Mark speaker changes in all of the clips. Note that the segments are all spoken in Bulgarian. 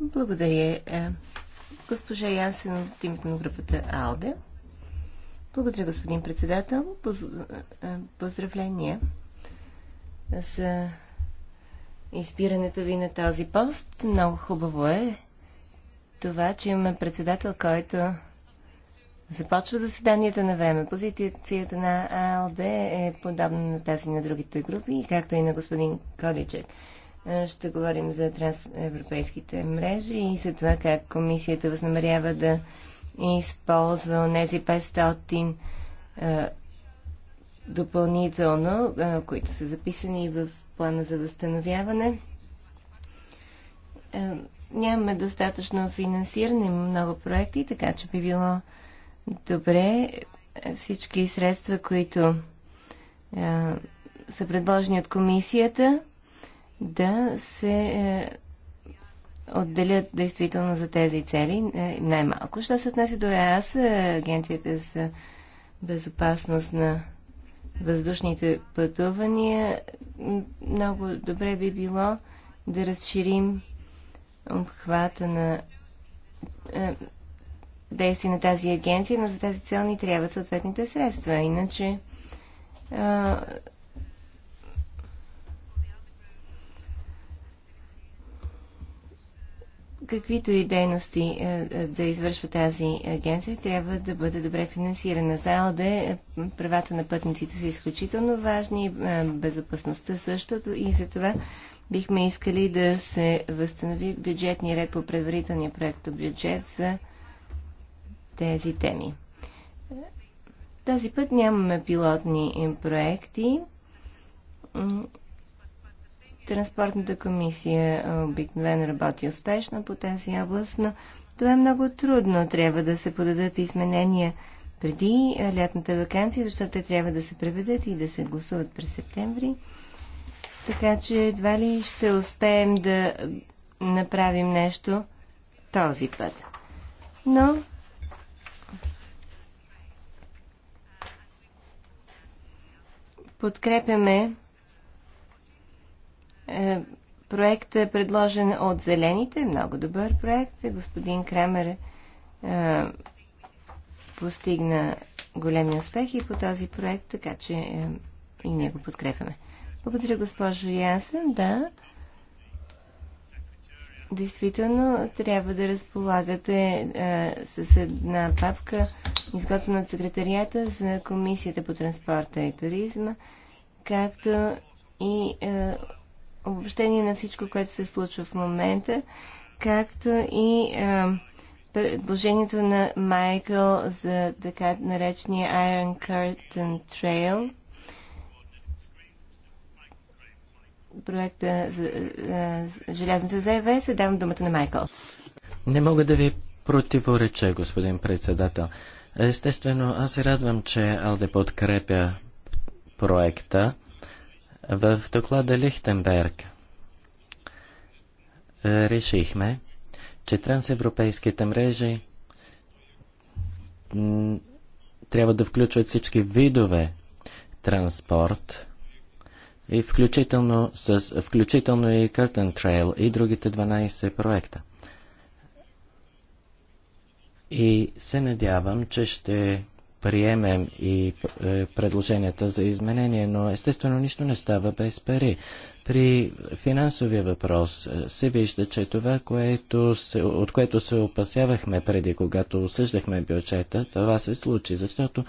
Speaker 1: Благодаря. Е, госпожа Янсен от името на групата АЛДЕ. Благодаря, господин председател. Е, поздравления за избирането ви на този пост. Много хубаво е това, че имаме председател, който започва заседанията на време. Позицията на АЛД е подобна на тази на другите групи, както и на господин Количек. Е, ще говорим за трансевропейските мрежи и за това как комисията възнамерява да използва тези 500 е, допълнително, е, които са записани в плана за възстановяване. нямаме достатъчно финансиране, много проекти, така че би било добре всички средства, които са предложени от комисията, да се е, отделят действително за тези цели е, най-малко. Що се отнесе до ЕАС, е, Агенцията за безопасност на въздушните пътувания, много добре би било да разширим обхвата на действие на тази агенция, но за тази цел ни трябват съответните средства. Иначе каквито и дейности е, е, да извършва тази агенция, трябва да бъде добре финансирана. За ОДЕ правата на пътниците са изключително важни, е, безопасността също и за това бихме искали да се възстанови бюджетния ред по предварителния проект бюджет за тези теми. Този път нямаме пилотни проекти Транспортната комисия обикновено работи успешно по тази област, но това е много трудно. Трябва да се подадат изменения преди лятната вакансия, защото те трябва да се преведат и да се гласуват през септември. Така че едва ли ще успеем да направим нещо този път. Но подкрепяме е, Проектът е предложен от Зелените, много добър проект. Господин Крамер е, постигна големи успехи по този проект, така че е, и ние го подкрепяме. Благодаря, госпожо Ясен. Да, действително трябва да разполагате е, с една папка, изготвена от секретарията за Комисията по транспорта и туризма, както и е, обобщение на всичко, което се случва в момента, както и а, предложението на Майкъл за така наречения Iron Curtain Trail, проекта за, за Желязната за ЕВС, давам думата на Майкъл.
Speaker 2: Не мога да ви противореча, господин председател. Естествено, аз се радвам, че Алде подкрепя проекта. В доклада Лихтенберг е, решихме, че трансевропейските мрежи трябва да включват всички видове транспорт, и включително, с, включително и Curtain Trail и другите 12 проекта. И се надявам, че ще приемем и е, предложенията за изменение, но естествено нищо не става без пари. При финансовия въпрос е, се вижда, че това, което се, от което се опасявахме преди, когато осъждахме бюджета, това се случи, защото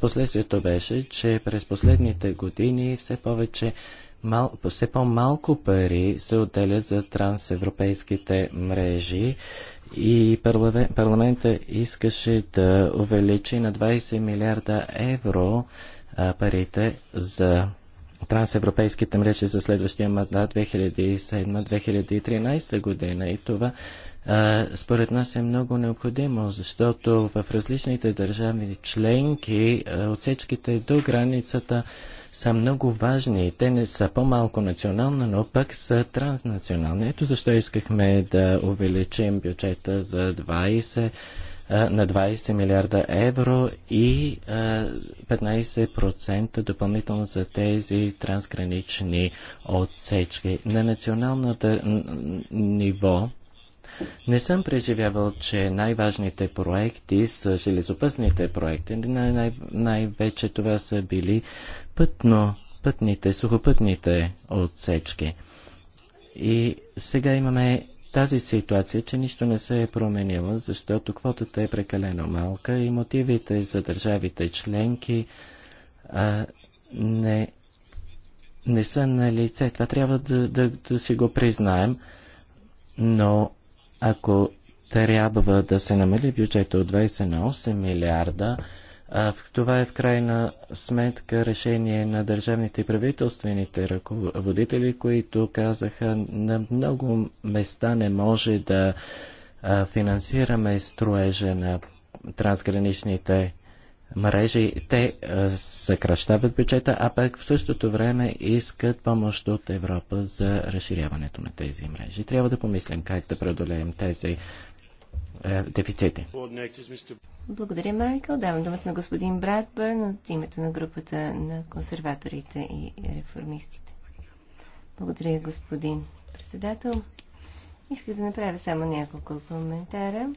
Speaker 2: последствието беше, че през последните години все повече Мал, все по-малко пари се отделят за трансевропейските мрежи и парламента искаше да увеличи на 20 милиарда евро парите за трансевропейските мрежи за следващия мандат 2007-2013 година и това според нас е много необходимо, защото в различните държави членки отсечките до границата са много важни. Те не са по-малко национални, но пък са транснационални. Ето защо искахме да увеличим бюджета за 20 на 20 милиарда евро и 15% допълнително за тези трансгранични отсечки. На национално ниво не съм преживявал, че най-важните проекти са железопътните проекти. Най- най- най-вече това са били пътно, пътните, сухопътните отсечки. И сега имаме тази ситуация, че нищо не се е променило, защото квотата е прекалено малка и мотивите за държавите членки а, не, не са на лице. Това трябва да, да, да си го признаем, но ако трябва да се намали бюджета от 20 на 8 милиарда, а това е в крайна сметка решение на държавните и правителствените ръководители, които казаха на много места не може да финансираме строежа на трансграничните мрежи, те е, съкръщават бюджета, а пък в същото време искат помощ от Европа за разширяването на тези мрежи. Трябва да помислим как да преодолеем тези е, дефицити.
Speaker 1: Благодаря, Майкъл. Давам думата на господин Братбърн от името на групата на консерваторите и реформистите. Благодаря, господин председател. Исках да направя само няколко коментара.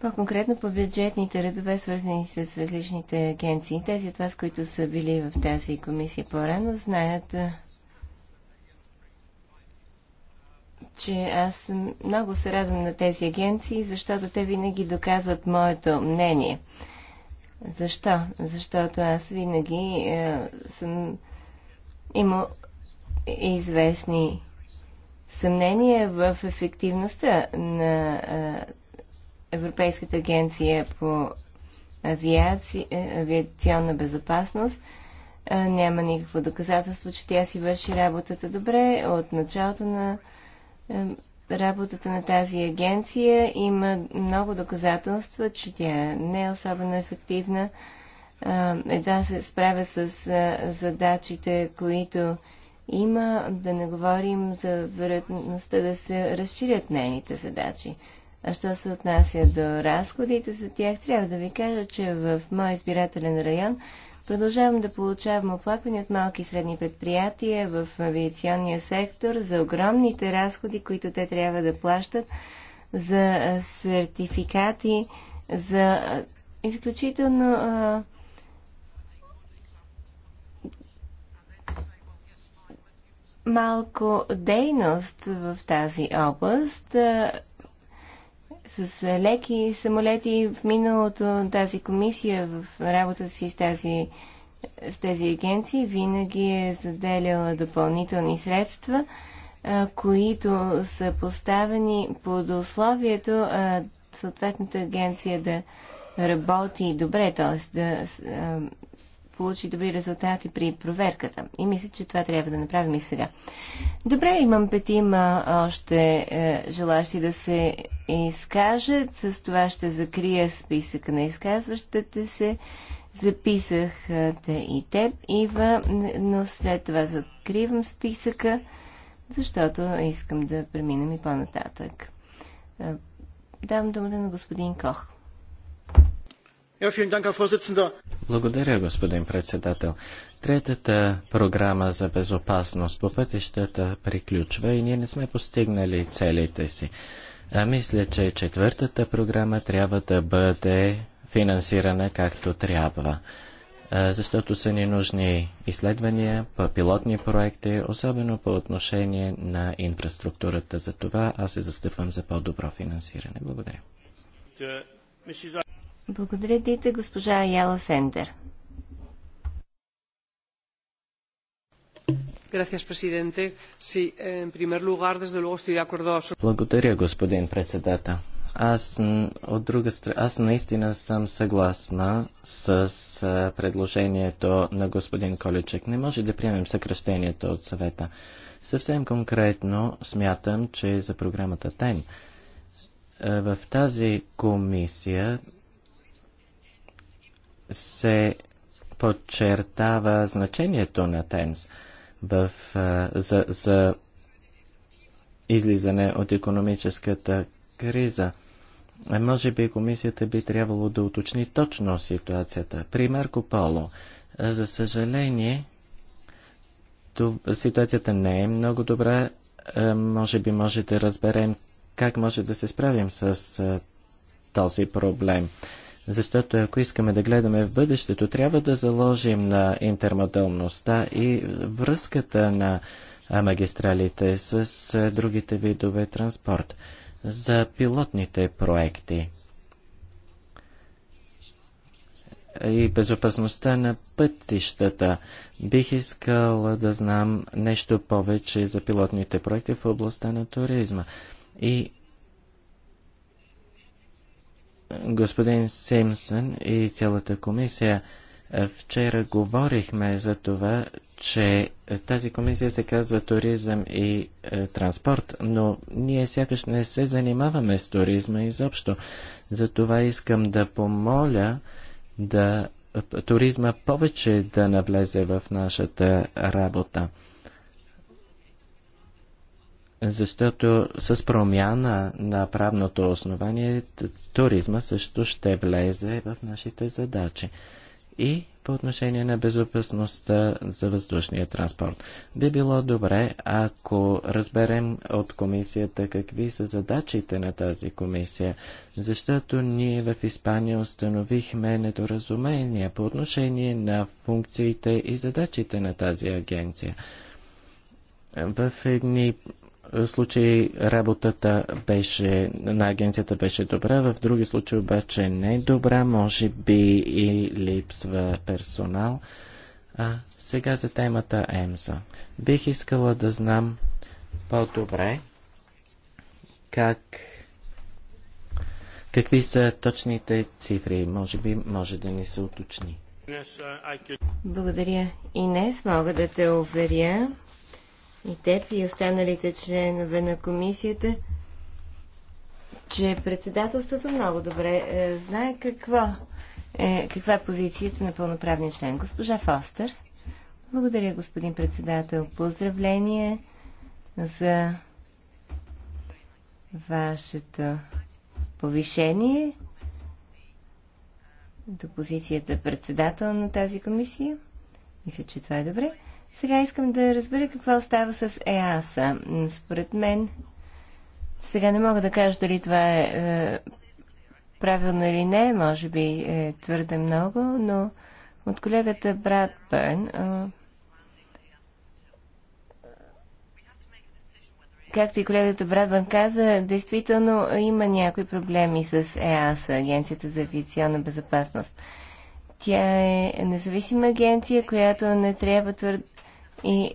Speaker 1: По-конкретно по бюджетните редове, свързани с различните агенции. Тези от вас, които са били в тази комисия по-рано, знаят, че аз много се радвам на тези агенции, защото те винаги доказват моето мнение. Защо? Защото аз винаги е, съм имал известни съмнения в ефективността на е, Европейската агенция по авиаци... Е, авиационна безопасност. Няма никакво доказателство, че тя си върши работата добре. От началото на е, работата на тази агенция има много доказателства, че тя не е особено ефективна. Едва се справя с задачите, които има, да не говорим за вероятността да се разширят нейните задачи. А що се отнася до разходите за тях, трябва да ви кажа, че в мой избирателен район продължавам да получавам оплаквания от малки и средни предприятия в авиационния сектор за огромните разходи, които те трябва да плащат за сертификати, за изключително а, малко дейност в тази област. А, с е, леки самолети. В миналото тази комисия в работа си с, тази, с тези агенции винаги е заделяла допълнителни средства, е, които са поставени под условието е, съответната агенция да работи добре, т.е. да получи добри резултати при проверката. И мисля, че това трябва да направим и сега. Добре, имам петима още е, желащи да се изкажат. С това ще закрия списъка на изказващите се. Записах те и теб, Ива, но след това закривам списъка, защото искам да преминем и по-нататък. Е, давам думата на господин Кох.
Speaker 2: Благодаря, господин председател. Третата програма за безопасност по пътищата приключва и ние не сме постигнали целите си. А мисля, че четвъртата програма трябва да бъде финансирана както трябва. Защото са ни нужни изследвания, пилотни проекти, особено по отношение на инфраструктурата. За това аз се застъпвам за по-добро финансиране. Благодаря.
Speaker 1: Благодаря, Дита, госпожа Яла Сендер. Благодаря,
Speaker 2: господин председател. Аз, от друга страна, аз наистина съм съгласна с предложението на господин Количек. Не може да приемем съкръщението от съвета. Съвсем конкретно смятам, че за програмата ТЕН в тази комисия се подчертава значението на ТЕНС в, за, за излизане от економическата криза. Може би комисията би трябвало да уточни точно ситуацията. При Марко Поло, за съжаление, ситуацията не е много добра. Може би може да разберем как може да се справим с този проблем. Защото ако искаме да гледаме в бъдещето, трябва да заложим на интермодалността и връзката на магистралите с другите видове транспорт. За пилотните проекти и безопасността на пътищата. Бих искал да знам нещо повече за пилотните проекти в областта на туризма. И господин Симсън и цялата комисия. Е, вчера говорихме за това, че тази комисия се казва туризъм и е, транспорт, но ние сякаш не се занимаваме с туризма изобщо. Затова искам да помоля да е, туризма повече да навлезе в нашата работа. Защото с промяна на правното основание туризма също ще влезе в нашите задачи. И по отношение на безопасността за въздушния транспорт. Би било добре, ако разберем от комисията какви са задачите на тази комисия, защото ние в Испания установихме недоразумения по отношение на функциите и задачите на тази агенция. В едни случаи работата беше, на агенцията беше добра, в други случаи обаче не добра, може би и липсва персонал. А сега за темата ЕМСА. Бих искала да знам по-добре как Какви са точните цифри? Може би може да ни се уточни.
Speaker 1: Благодаря. Инес, мога да те уверя, и теб и останалите членове на комисията, че председателството много добре е, знае какво е, каква е позицията на пълноправния член. Госпожа Фостер. Благодаря, господин председател. Поздравление за вашето повишение до позицията председател на тази комисия. Мисля, че това е добре. Сега искам да разбера какво става с ЕАСА. Според мен, сега не мога да кажа дали това е, е правилно или не, може би е твърде много, но от колегата Брат Бърн, е, както и колегата Бърн каза, действително има някои проблеми с ЕАС, Агенцията за авиационна безопасност. Тя е независима агенция, която не трябва твърде и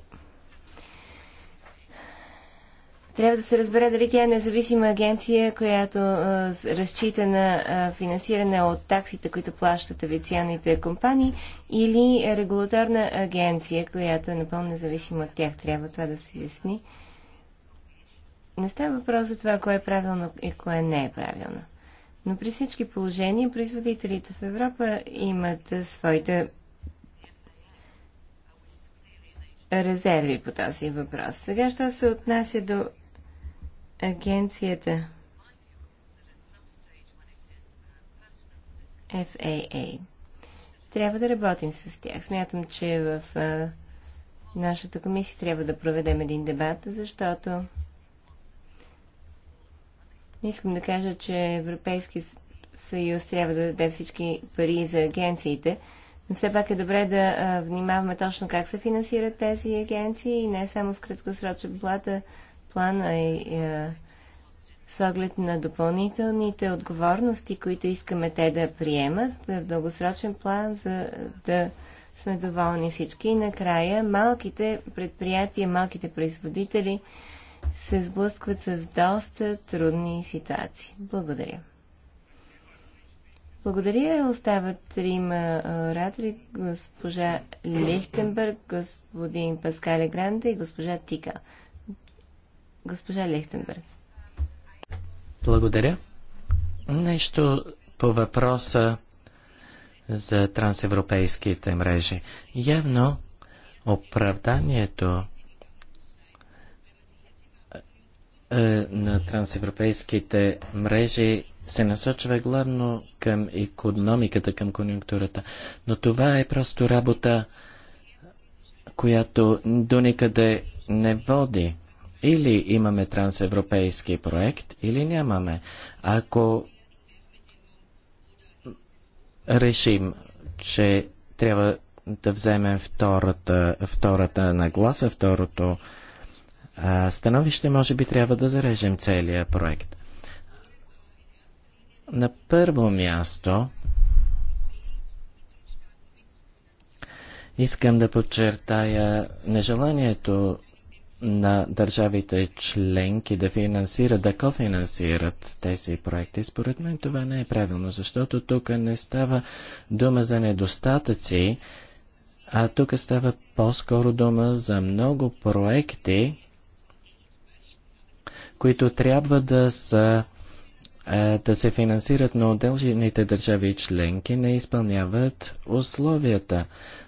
Speaker 1: трябва да се разбере дали тя е независима агенция, която а, разчита на а, финансиране от таксите, които плащат авиационните компании, или регулаторна агенция, която е напълно независима от тях. Трябва това да се изясни. Не става въпрос за това, кое е правилно и кое не е правилно. Но при всички положения производителите в Европа имат своите резерви по този въпрос. Сега, що се отнася до агенцията FAA. Трябва да работим с тях. Смятам, че в а, нашата комисия трябва да проведем един дебат, защото искам да кажа, че Европейски съюз трябва да даде всички пари за агенциите, но все пак е добре да внимаваме точно как се финансират тези агенции и не само в краткосрочен плата, план, а и а, с оглед на допълнителните отговорности, които искаме те да приемат в дългосрочен план, за да сме доволни всички. И накрая малките предприятия, малките производители се сблъскват с доста трудни ситуации. Благодаря. Благодаря. Остават трима оратори. Госпожа Лихтенберг, господин Паскале Гранде и госпожа Тика. Госпожа Лихтенберг.
Speaker 2: Благодаря. Нещо по въпроса за трансевропейските мрежи. Явно оправданието е, на трансевропейските мрежи се насочва главно към економиката, към конюнктурата. Но това е просто работа, която до никъде не води. Или имаме трансевропейски проект, или нямаме. Ако решим, че трябва да вземем втората, втората нагласа, второто а, становище, може би трябва да зарежем целият проект. На първо място искам да подчертая нежеланието на държавите членки да финансират, да кофинансират тези проекти. Според мен това не е правилно, защото тук не става дума за недостатъци, а тук става по-скоро дума за много проекти, които трябва да са да се финансират, но отделните държави и членки не изпълняват условията.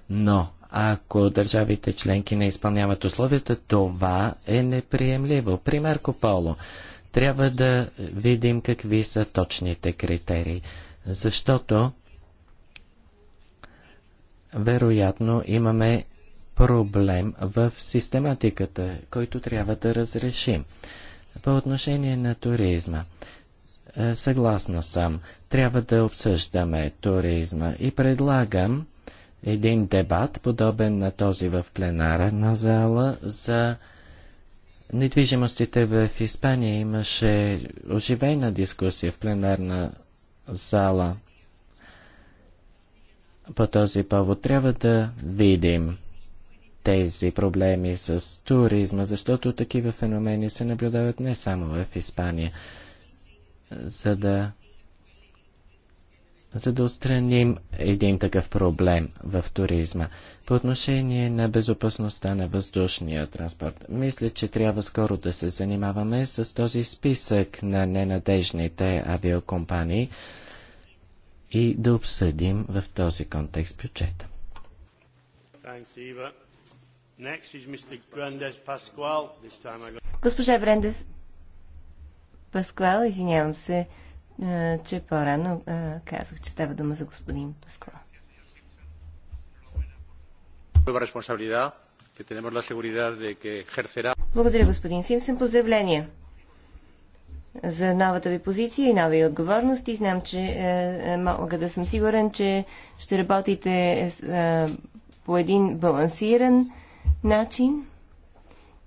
Speaker 2: Но ако държавите членки не изпълняват условията, това е неприемливо. При Марко Поло трябва да видим какви са точните критерии, защото вероятно имаме проблем в систематиката, който трябва да разрешим. По отношение на туризма, е, съгласна съм. Трябва да обсъждаме туризма и предлагам един дебат, подобен на този в пленарна зала за недвижимостите в Испания. Имаше оживена дискусия в пленарна зала. По този повод трябва да видим тези проблеми с туризма, защото такива феномени се наблюдават не само в Испания за да за да устраним един такъв проблем в туризма. По отношение на безопасността на въздушния транспорт, мисля, че трябва скоро да се занимаваме с този списък на ненадежните авиокомпании и да обсъдим в
Speaker 1: този контекст бюджета. Госпожа Брендес Пасквал, извинявам се, е, че по-рано е, казах, че става дума за господин Пасквал. Благодаря, господин Симсън. Поздравления за новата ви позиция и нови отговорности. Знам, че е, мога да съм сигурен, че ще работите по един балансиран начин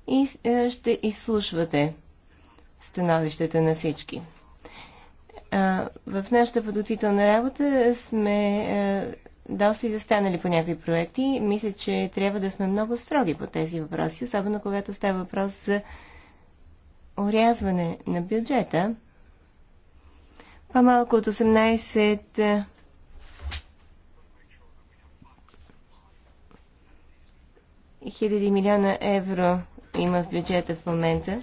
Speaker 1: и ще изслушвате становищата на всички. В нашата подготвителна работа сме доста и застанали по някои проекти. Мисля, че трябва да сме много строги по тези въпроси, особено когато става въпрос за урязване на бюджета. По-малко от 18 хиляди милиона евро има в бюджета в момента.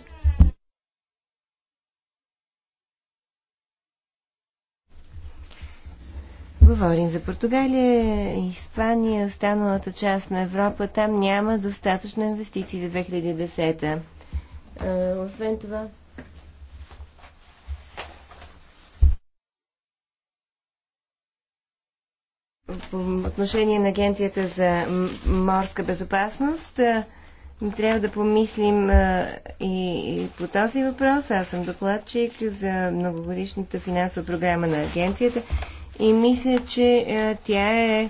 Speaker 1: Говорим за Португалия, Испания, останалата част на Европа. Там няма достатъчно инвестиции за 2010. та освен това, по отношение на Агенцията за морска безопасност, трябва да помислим и по този въпрос. Аз съм докладчик за многогодишната финансова програма на Агенцията и мисля, че а, е, тя е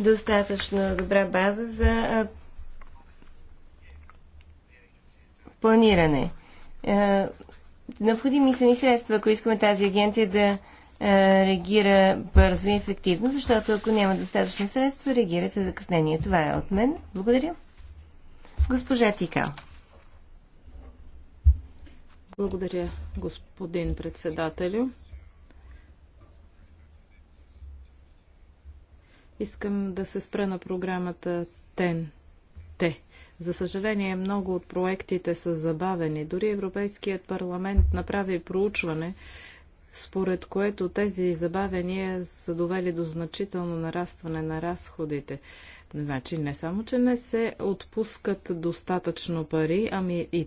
Speaker 1: достатъчно добра база за а, е, планиране. А, е, необходими са ни средства, ако искаме тази агенция да реагира бързо и ефективно, защото ако няма достатъчно средства, реагира за закъснение. Това е от мен. Благодаря. Госпожа Тикал.
Speaker 3: Благодаря, господин председателю. Искам да се спра на програмата ТЕН. Те. За съжаление, много от проектите са забавени. Дори Европейският парламент направи проучване, според което тези забавения са довели до значително нарастване на разходите. Значи не само, че не се отпускат достатъчно пари, ами и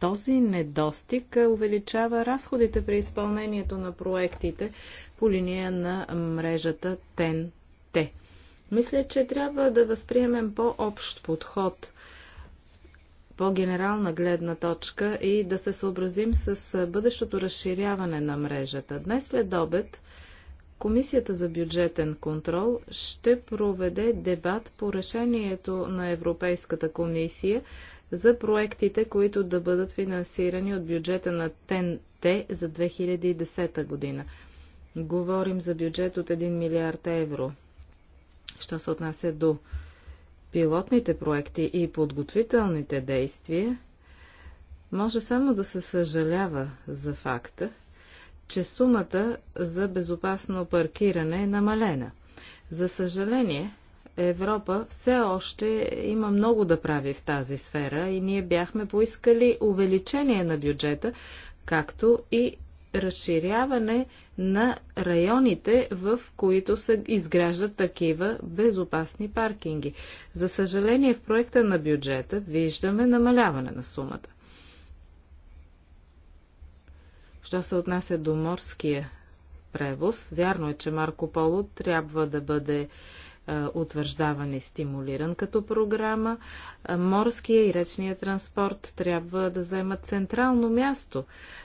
Speaker 3: този недостиг е, увеличава разходите при изпълнението на проектите по линия на мрежата ТЕН-Т. Мисля, че трябва да възприемем по-общ подход, по-генерална гледна точка и да се съобразим с бъдещото разширяване на мрежата. Днес след обед Комисията за бюджетен контрол ще проведе дебат по решението на Европейската комисия за проектите, които да бъдат финансирани от бюджета на ТНТ за 2010 година. Говорим за бюджет от 1 милиард евро. Що се отнася до пилотните проекти и подготвителните действия, може само да се съжалява за факта, че сумата за безопасно паркиране е намалена. За съжаление, Европа все още има много да прави в тази сфера и ние бяхме поискали увеличение на бюджета, както и разширяване на районите, в които се изграждат такива безопасни паркинги. За съжаление, в проекта на бюджета виждаме намаляване на сумата. Що се отнася до морския превоз, вярно е, че Марко Поло трябва да бъде е, утвърждаване и стимулиран като програма. Е, морския и речния транспорт трябва да заемат централно място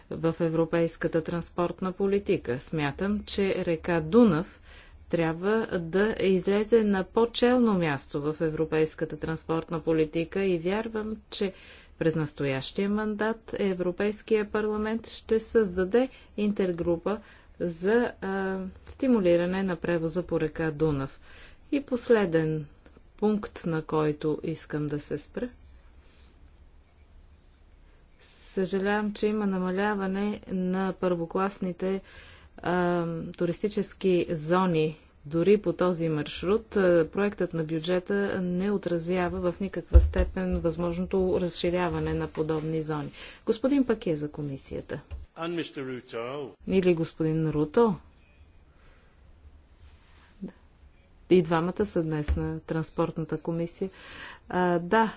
Speaker 3: в европейската транспортна политика. Смятам, че река Дунав трябва да излезе на по-челно място в европейската транспортна политика и вярвам, че през настоящия мандат Европейския парламент ще създаде интергрупа за а, е, стимулиране на превоза по река Дунав. И последен пункт, на който искам да се спра. Съжалявам, че има намаляване на първокласните а, туристически зони. Дори по този маршрут проектът на бюджета не отразява в никаква степен възможното разширяване на подобни зони. Господин е за комисията. Или господин Руто. И двамата са днес на Транспортната комисия. А, да,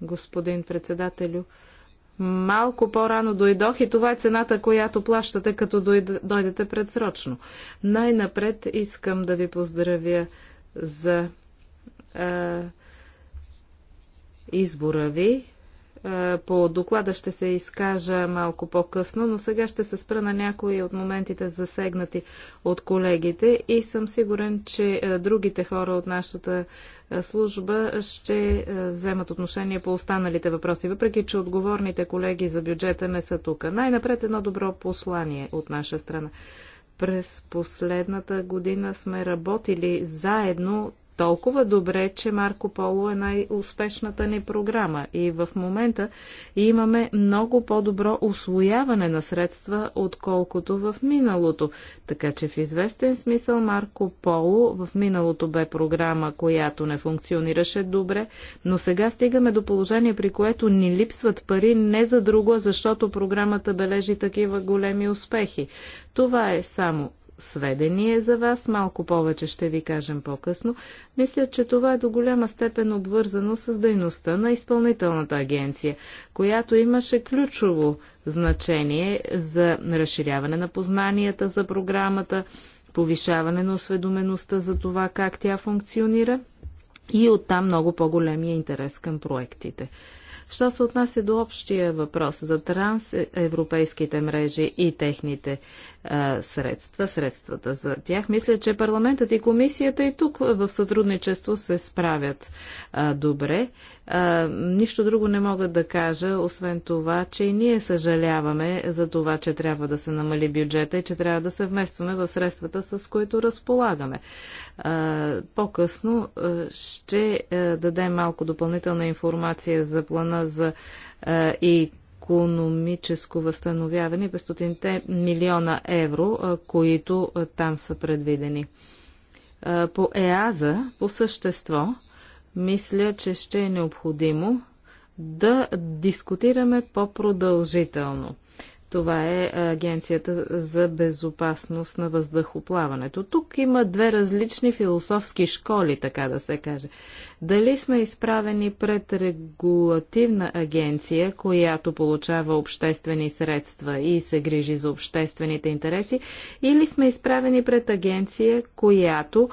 Speaker 3: господин председателю, малко по-рано дойдох и това е цената, която плащате, като дойдете предсрочно. Най-напред искам да ви поздравя за а, избора ви е, по доклада ще се изкажа малко по-късно, но сега ще се спра на някои от моментите засегнати от колегите и съм сигурен, че е, другите хора от нашата е, служба ще вземат отношение по останалите въпроси, въпреки че отговорните колеги за бюджета не са тук. Най-напред едно добро послание от наша страна през последната година сме работили заедно толкова добре, че Марко Поло е най-успешната ни програма и в момента имаме много по-добро освояване на средства, отколкото в миналото. Така че в известен смисъл Марко Поло в миналото бе програма, която не функционираше добре, но сега стигаме до положение, при което ни липсват пари не за друго, защото програмата бележи такива големи успехи. Това е само сведение за вас. Малко повече ще ви кажем по-късно. Мисля, че това е до голяма степен обвързано с дейността на изпълнителната агенция, която имаше ключово значение за разширяване на познанията за програмата, повишаване на осведомеността за това как тя функционира и оттам много по-големия интерес към проектите. Що се отнася до общия въпрос за трансевропейските мрежи и техните а, средства, средствата за тях. Мисля, че парламентът и комисията и тук в сътрудничество се справят а, добре. А, нищо друго не мога да кажа, освен това, че и ние съжаляваме за това, че трябва да се намали бюджета и че трябва да се вместваме в средствата, с които разполагаме. По-късно ще дадем малко допълнителна информация за плана за и економическо възстановяване 500 милиона евро, които там са предвидени. По ЕАЗа, по същество, мисля, че ще е необходимо да дискутираме по-продължително това е Агенцията за безопасност на въздухоплаването. Тук има две различни философски школи, така да се каже. Дали сме изправени пред регулативна агенция, която получава обществени средства и се грижи за обществените интереси, или сме изправени пред агенция, която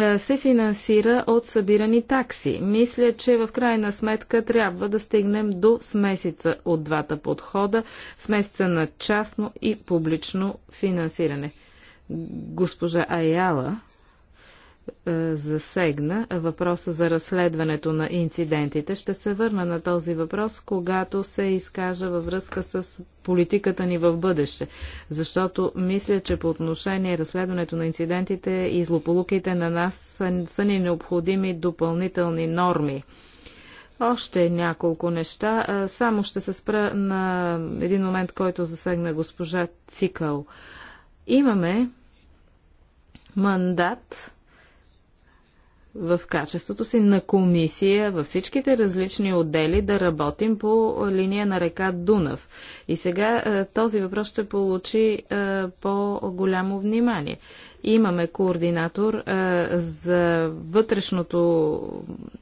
Speaker 3: е, се финансира от събирани такси. Мисля, че в крайна сметка трябва да стигнем до смесица от двата подхода, смесица на частно и публично финансиране. Госпожа Аяла е, засегна въпроса за разследването на инцидентите. Ще се върна на този въпрос, когато се изкажа във връзка с политиката ни в бъдеще. Защото мисля, че по отношение разследването на инцидентите и злополуките на нас са, са ни необходими допълнителни норми. Още няколко неща. Е, само ще се спра на един момент, който засегна госпожа Цикъл. Имаме мандат в качеството си на комисия във всичките различни отдели да работим по линия на река Дунав. И сега е, този въпрос ще получи е, по-голямо внимание. Имаме координатор а, за вътрешното,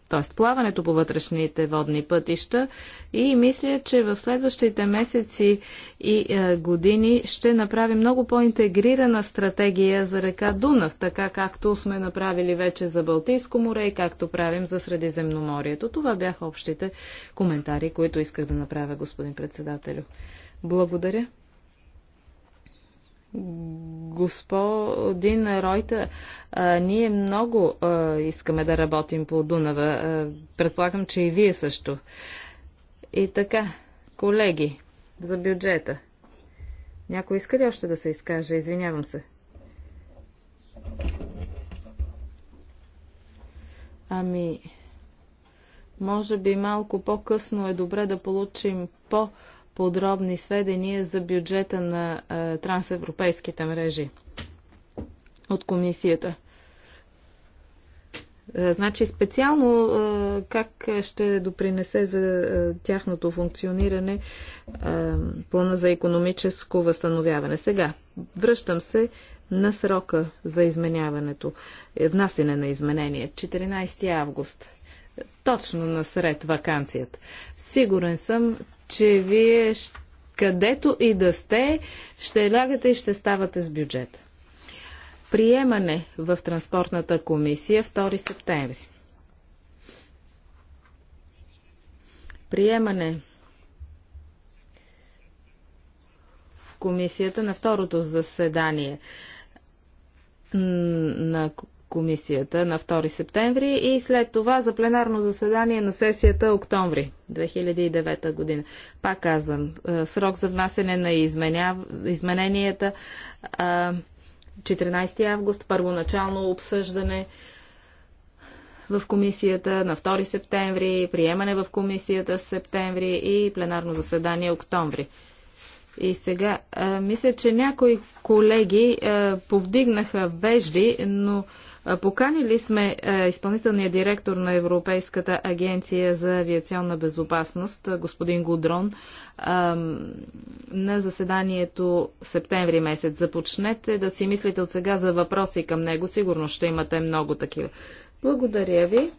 Speaker 3: т.е. плаването по вътрешните водни пътища и мисля, че в следващите месеци и а, години ще направи много по-интегрирана стратегия за река Дунав, така както сме направили вече за Балтийско море и както правим за Средиземноморието. Това бяха общите коментари, които исках да направя, господин председателю. Благодаря. Господин Ройта, а, ние много а, искаме да работим по Дунава. А, предполагам, че и вие също. И така, колеги, за бюджета. Някой иска ли още да се изкаже? Извинявам се. Ами, може би малко по-късно е добре да получим по- подробни сведения за бюджета на а, трансевропейските мрежи от комисията. А, значи специално а, как ще допринесе за тяхното функциониране плана за економическо възстановяване. Сега връщам се на срока за изменяването, е, внасене на изменение 14 август точно насред вакансият. Сигурен съм, че вие където и да сте, ще лягате и ще ставате с бюджета. Приемане в Транспортната комисия 2 септември. Приемане в комисията на второто заседание на комисията на 2 септември и след това за пленарно заседание на сесията октомври 2009 година. Пак казвам, срок за внасене на изменя... измененията 14 август, първоначално обсъждане в комисията на 2 септември, приемане в комисията септември и пленарно заседание октомври. И сега, а, мисля, че някои колеги а, повдигнаха вежди, но Поканили сме изпълнителния директор на Европейската агенция за авиационна безопасност, господин Гудрон, на заседанието септември месец. Започнете да си мислите от сега за въпроси към него. Сигурно ще имате много такива. Благодаря ви.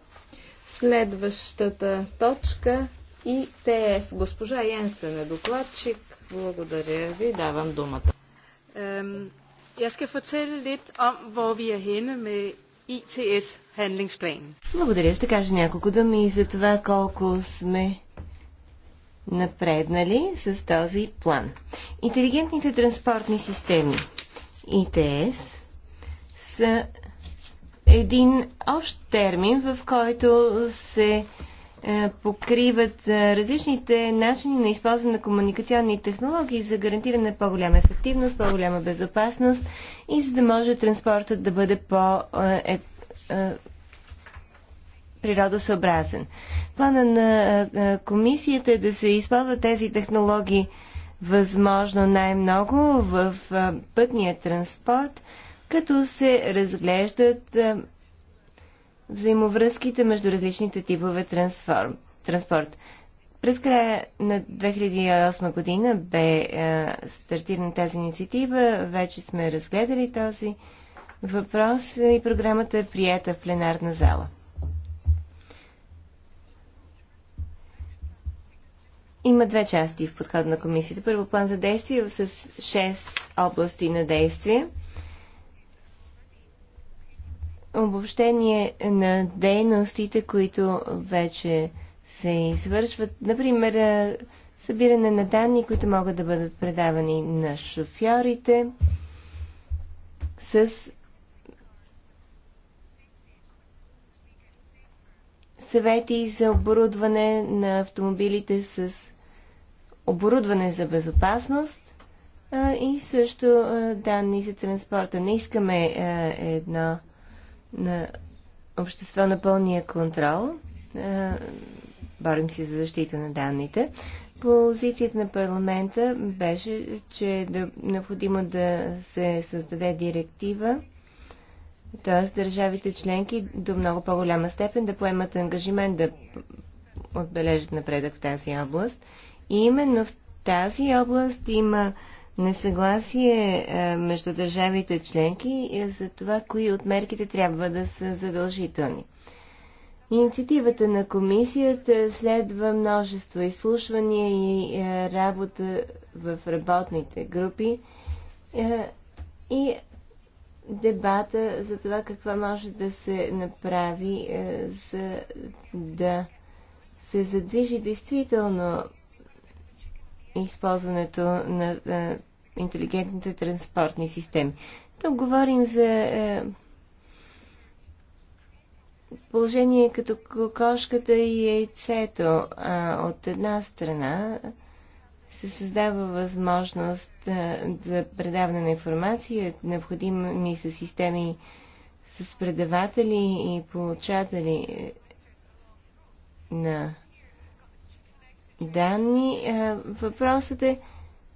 Speaker 3: Следващата точка и ТС. Госпожа Янсен е докладчик. Благодаря ви.
Speaker 1: Давам думата.
Speaker 3: Jeg skal fortælle lidt om, hvor vi er henne med ITS-handlingsplanen.
Speaker 1: Благодаря. Ще кажа няколко думи за това колко сме напреднали с този план. Интелигентните транспортни системи ITS са един общ термин, в който се е, покриват е, различните начини на използване на комуникационни технологии за гарантиране на по-голяма ефективност, по-голяма безопасност и за да може транспортът да бъде по-природосъобразен. Е, Плана на комисията е да се използват тези технологии възможно най-много в пътния транспорт, като се разглеждат взаимовръзките между различните типове трансформ, транспорт. През края на 2008 година бе а, е, стартирана тази инициатива. Вече сме разгледали този въпрос и програмата е приета в пленарна зала. Има две части в подхода на комисията. Първо план за действие с 6 области на действие – обобщение на дейностите, които вече се извършват. Например, е, събиране на данни, които могат да бъдат предавани на шофьорите с съвети за оборудване на автомобилите с оборудване за безопасност и също данни за транспорта. Не искаме едно на общество на пълния контрол. Е, борим се за защита на данните. Позицията на парламента беше, че е необходимо да се създаде директива, т.е. държавите членки до много по-голяма степен да поемат ангажимент да отбележат напредък в тази област. И именно в тази област има несъгласие е, между държавите членки е, за това, кои от мерките трябва да са задължителни. Инициативата на комисията следва множество изслушвания и е, работа в работните групи и дебата за това какво може да се направи, за да се задвижи действително използването на интелигентните транспортни системи. Тук говорим за е, положение като кокошката и яйцето. А, от една страна се създава възможност е, за предаване на информация, необходими са системи с предаватели и получатели е, на данни. Е, въпросът е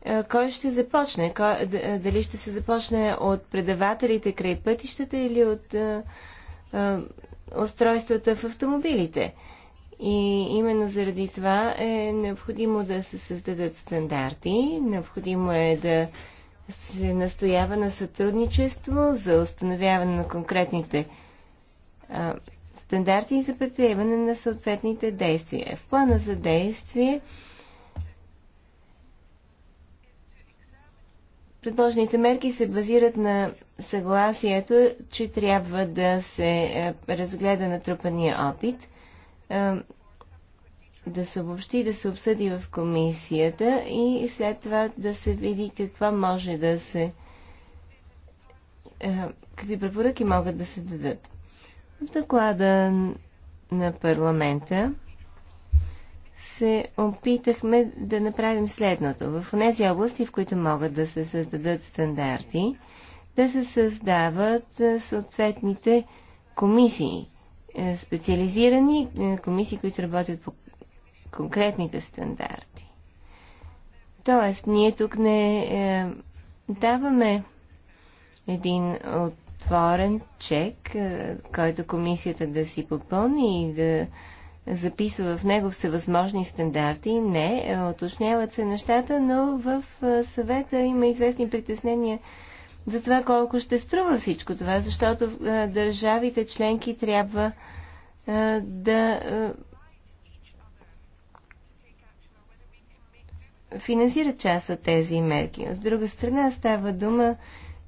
Speaker 1: е, кой ще започне? Кой, е, дали ще се започне от предавателите край пътищата или от а, е, а, устройствата в автомобилите? И именно заради това е необходимо да се създадат стандарти, необходимо е да се настоява на сътрудничество за установяване на конкретните а, стандарти и за предприемане на съответните действия. В плана за действие Предложените мерки се базират на съгласието, че трябва да се е, разгледа натрупания опит, е, да се общи да се обсъди в комисията и след това да се види какво може да се е, какви препоръки могат да се дадат. В доклада на парламента се опитахме да направим следното. В тези области, в които могат да се създадат стандарти, да се създават е, съответните комисии, е, специализирани е, комисии, които работят по конкретните стандарти. Тоест, ние тук не даваме един отворен чек, който комисията да си попълни и да записва в него всевъзможни стандарти. Не, е, уточняват се нещата, но в е, съвета има известни притеснения за това колко ще струва всичко това, защото е, държавите членки трябва да финансират част от тези мерки. От друга страна става дума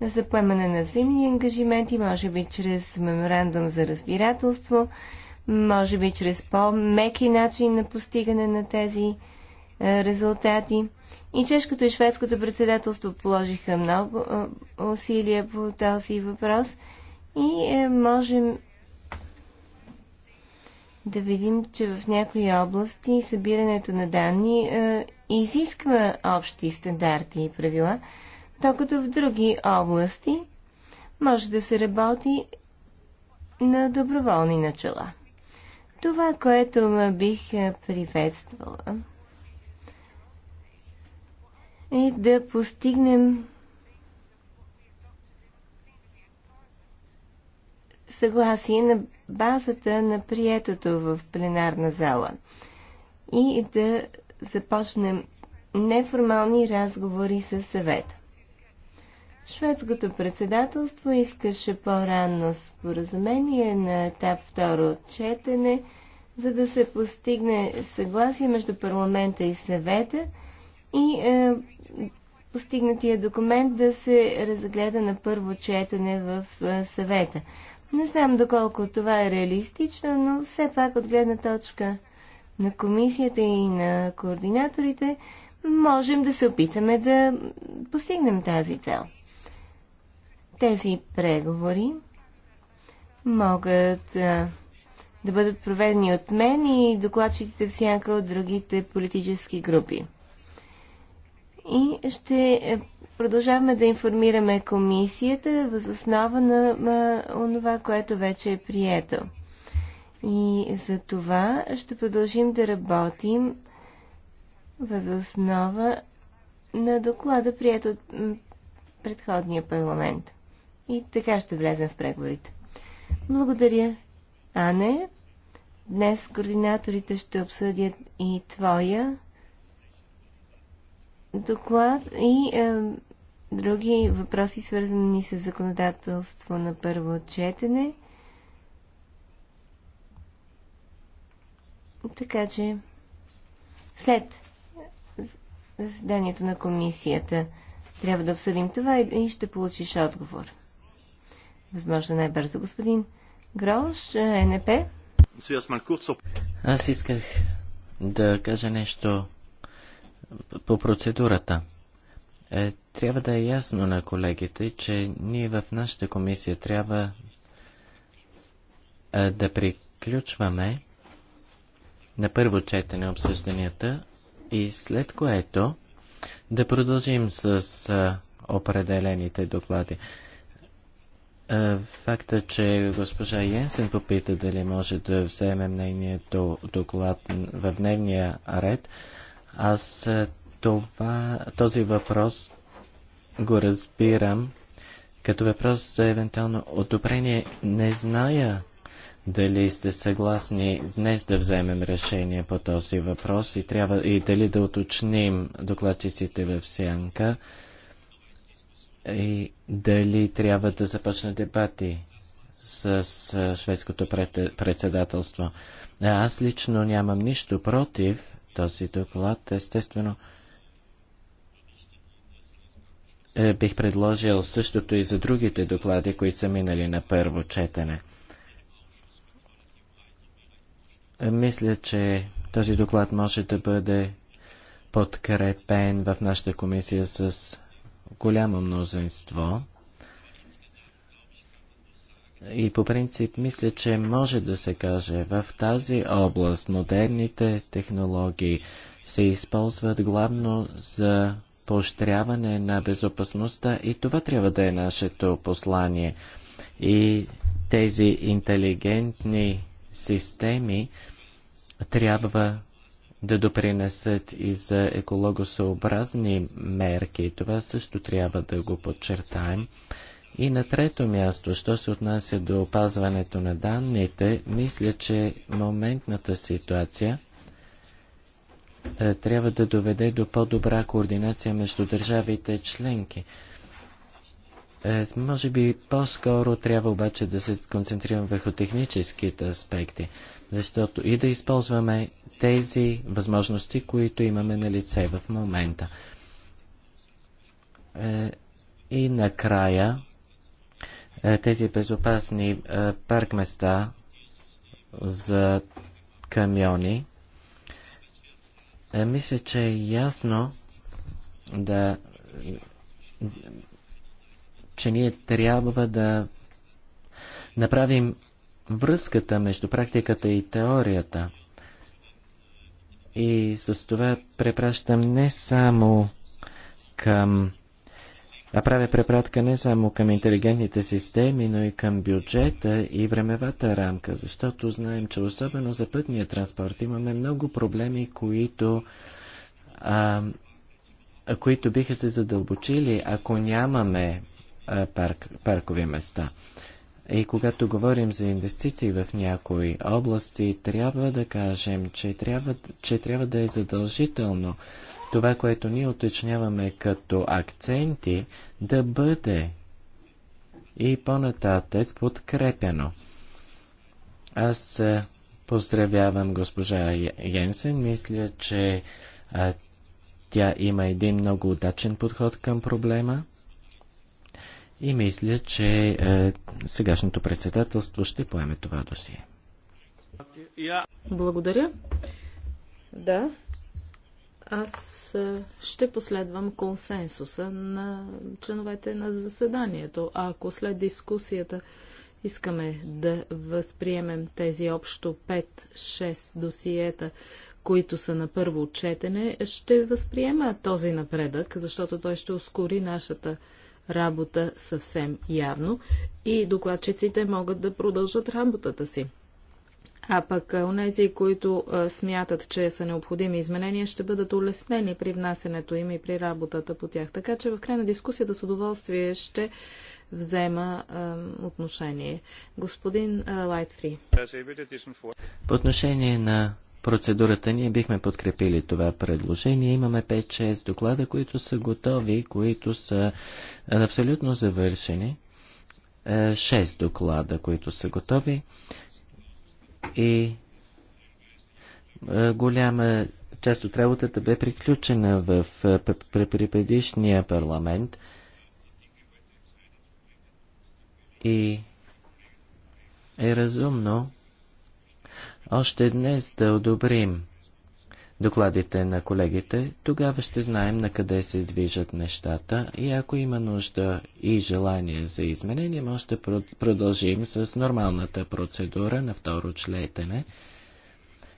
Speaker 1: за поемане на взаимни ангажименти, може би чрез меморандум за разбирателство, може би чрез по-меки начини на постигане на тези е, резултати. И чешкото и шведското председателство положиха много е, усилия по този въпрос и е, можем да видим, че в някои области събирането на данни изисква общи стандарти и правила, докато в други области може да се работи на доброволни начала. Това, което бих е, приветствала е да постигнем съгласие на базата на приетото в пленарна зала и да започнем неформални разговори с съвета. Шведското председателство искаше по-ранно споразумение на етап второ четене, за да се постигне съгласие между парламента и съвета и е, постигнатия документ да се разгледа на първо четене в е, съвета. Не знам доколко това е реалистично, но все пак от гледна точка на комисията и на координаторите можем да се опитаме да постигнем тази цел. Тези преговори могат а, да бъдат проведени от мен и докладчиците всяка от другите политически групи. И ще е, продължаваме да информираме комисията въз основа на онова, което вече е прието. И за това ще продължим да работим въз основа на доклада, прият от предходния парламент и така ще влезем в преговорите. Благодаря, Ане. Днес координаторите ще обсъдят и твоя доклад и е, други въпроси, свързани с законодателство на първо четене. Така че след заседанието на комисията трябва да обсъдим това и ще получиш отговор възможно най-бързо. Господин Грош, е, НП.
Speaker 2: Аз исках да кажа нещо по процедурата. Е, трябва да е ясно на колегите, че ние в нашата комисия трябва е, да приключваме на първо четене обсъжданията и след което да продължим с е, определените доклади. Факта, че госпожа Йенсен попита дали може да вземем нейнието доклад в дневния ред, аз това, този въпрос го разбирам като въпрос за евентуално одобрение. Не зная дали сте съгласни днес да вземем решение по този въпрос и, трябва, и дали да уточним докладчиците в сянка и дали трябва да започне дебати с шведското председателство. Аз лично нямам нищо против този доклад. Естествено, е, бих предложил същото и за другите доклади, които са минали на първо четене. Е, мисля, че този доклад може да бъде подкрепен в нашата комисия с голямо мнозинство. И по принцип мисля, че може да се каже, в тази област модерните технологии се използват главно за поощряване на безопасността и това трябва да е нашето послание. И тези интелигентни системи трябва да допринесат и за екологосъобразни мерки. Това също трябва да го подчертаем. И на трето място, що се отнася до опазването на данните, мисля, че моментната ситуация е, трябва да доведе до по-добра координация между държавите членки. Е, може би по-скоро трябва обаче да се концентрирам върху техническите аспекти, защото и да използваме тези възможности, които имаме на лице в момента. Е, и накрая е, тези безопасни е, паркместа за камиони. Мисля, че е ясно да че ние трябва да направим връзката между практиката и теорията – и с това препращам не само към а правя препратка не само към интелигентните системи, но и към бюджета и времевата рамка, защото знаем, че особено за пътния транспорт имаме много проблеми, които, а, които биха се задълбочили, ако нямаме а, парк, паркови места. И когато говорим за инвестиции в някои области, трябва да кажем, че трябва, че трябва да е задължително това, което ние уточняваме като акценти, да бъде и по-нататък подкрепено. Аз поздравявам госпожа Йенсен. Мисля, че а, тя има един много удачен подход към проблема и мисля, че е, сегашното председателство ще поеме това досие.
Speaker 3: Благодаря. Да. Аз е, ще последвам консенсуса на членовете на заседанието. А ако след дискусията искаме да възприемем тези общо 5-6 досиета, които са на първо четене, ще възприема този напредък, защото той ще ускори нашата работа съвсем явно и докладчиците могат да продължат работата си. А пък онези, които а, смятат, че са необходими изменения, ще бъдат улеснени при внасенето им и при работата по тях. Така че в край на дискусията с удоволствие ще взема а, отношение. Господин а, Лайтфри.
Speaker 2: По отношение на процедурата, ние бихме подкрепили това предложение. Имаме 5-6 доклада, които са готови, които са абсолютно завършени. 6 е, доклада, които са готови. И е, голяма част от работата бе приключена в, е, предишния парламент. И е разумно още днес да одобрим докладите на колегите, тогава ще знаем на къде се движат нещата и ако има нужда и желание за изменение, може да продължим с нормалната процедура на второ члетене.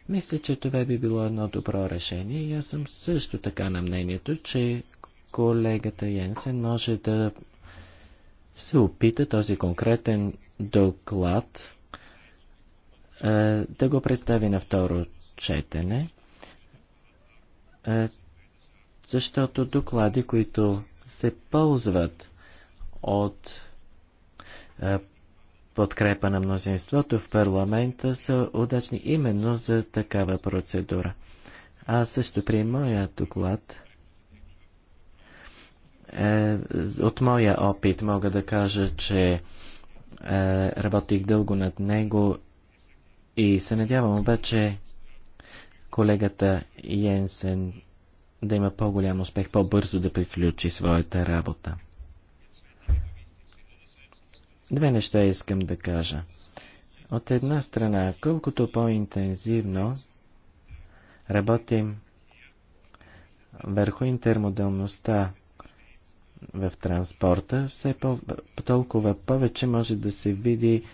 Speaker 2: Мисля, че това би било едно добро решение и аз съм също така на мнението, че колегата Йенсен може да се опита този конкретен доклад е, да го представи на второ четене, е, защото доклади, които се ползват от е, подкрепа на мнозинството в парламента, са удачни именно за такава процедура. А също при моя доклад, от моя опит мога да кажа, че работих дълго над него и се надявам обаче колегата Йенсен да има по-голям успех, по-бързо да приключи своята работа. Две неща искам да кажа. От една страна, колкото по-интензивно работим върху интермодалността в транспорта, все по- толкова повече може да се види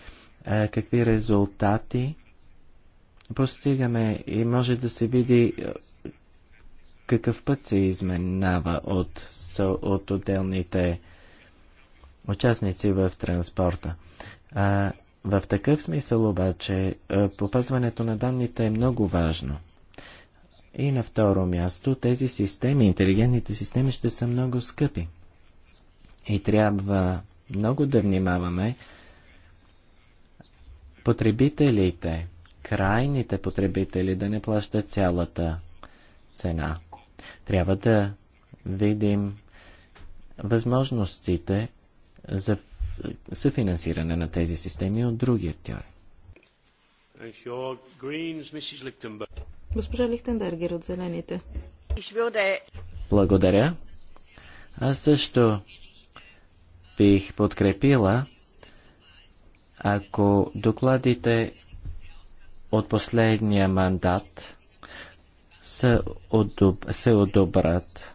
Speaker 2: а, какви резултати постигаме и може да се види е, какъв път се изменава от, от отделните участници в транспорта. А, в такъв смисъл обаче е, попазването на данните е много важно. И на второ място, тези системи, интелигентните системи ще са много скъпи. И трябва много да внимаваме потребителите крайните потребители да не плащат цялата цена. Трябва да видим възможностите за съфинансиране на тези системи от други актьори.
Speaker 3: Госпожа Лихтенбергер от Зелените.
Speaker 2: Благодаря. Аз също бих подкрепила, ако докладите от последния мандат се, одоб... се одобрят.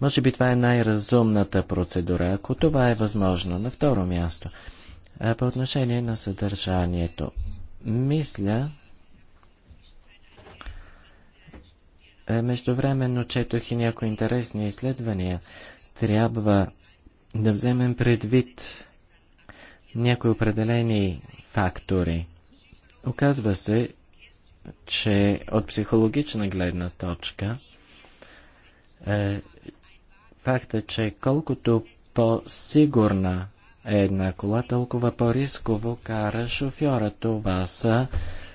Speaker 2: Може би това е най-разумната процедура, ако това е възможно. На второ място, а по отношение на съдържанието, мисля, е, междувременно четох и някои интересни изследвания. Трябва да вземем предвид някои определени фактори. Оказва се, че от психологична гледна точка е, факта, че колкото по-сигурна е една кола, толкова по-рисково кара шофьора. Това са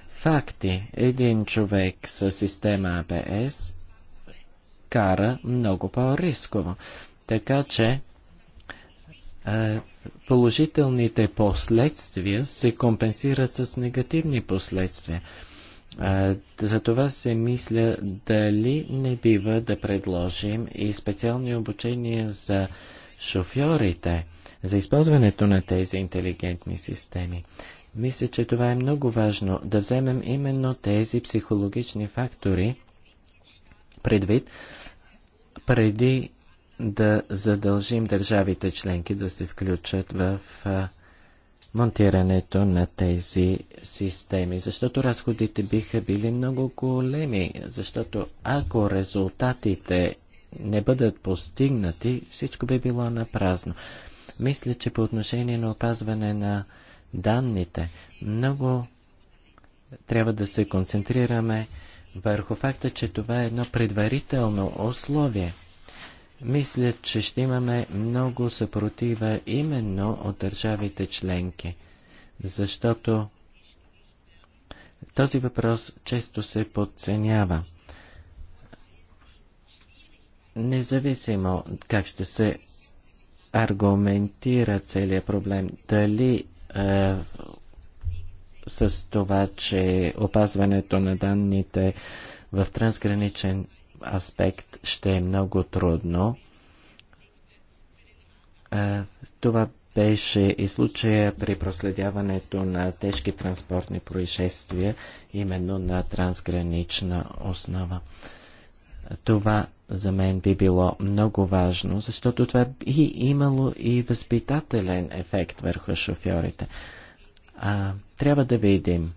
Speaker 2: факти. Един човек с система АПС кара много по-рисково. Така че положителните последствия се компенсират с негативни последствия. За това се мисля дали не бива да предложим и специални обучения за шофьорите, за използването на тези интелигентни системи. Мисля, че това е много важно да вземем именно тези психологични фактори предвид преди да задължим държавите членки да се включат в монтирането на тези системи, защото разходите биха били много големи, защото ако резултатите не бъдат постигнати, всичко би било на празно. Мисля, че по отношение на опазване на данните, много трябва да се концентрираме върху факта, че това е едно предварително условие – мисля, че ще имаме много съпротива именно от държавите членки, защото този въпрос често се подценява. Независимо как ще се аргументира целият проблем, дали е, с това, че опазването на данните в трансграничен аспект ще е много трудно. Това беше и случая при проследяването на тежки транспортни происшествия, именно на трансгранична основа. Това за мен би било много важно, защото това би имало и възпитателен ефект върху шофьорите. А, трябва да видим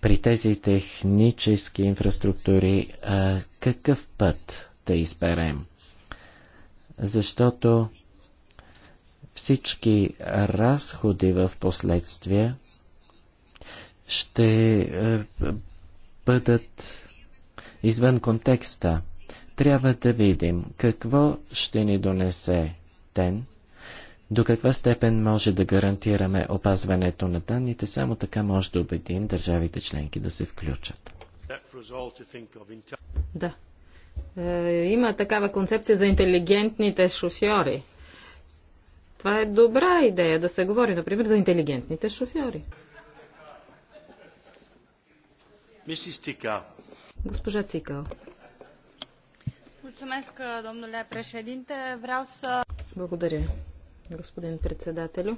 Speaker 2: при тези технически инфраструктури а, какъв път да изберем? Защото всички разходи в последствие ще а, бъдат извън контекста. Трябва да видим какво ще ни донесе ден – до каква степен може да гарантираме опазването на данните, само така може да убедим държавите членки да се включат.
Speaker 3: Да. Е, има такава концепция за интелигентните шофьори. Това е добра идея да се говори, например, за интелигентните шофьори. Госпожа Цикал. Благодаря господин председателю.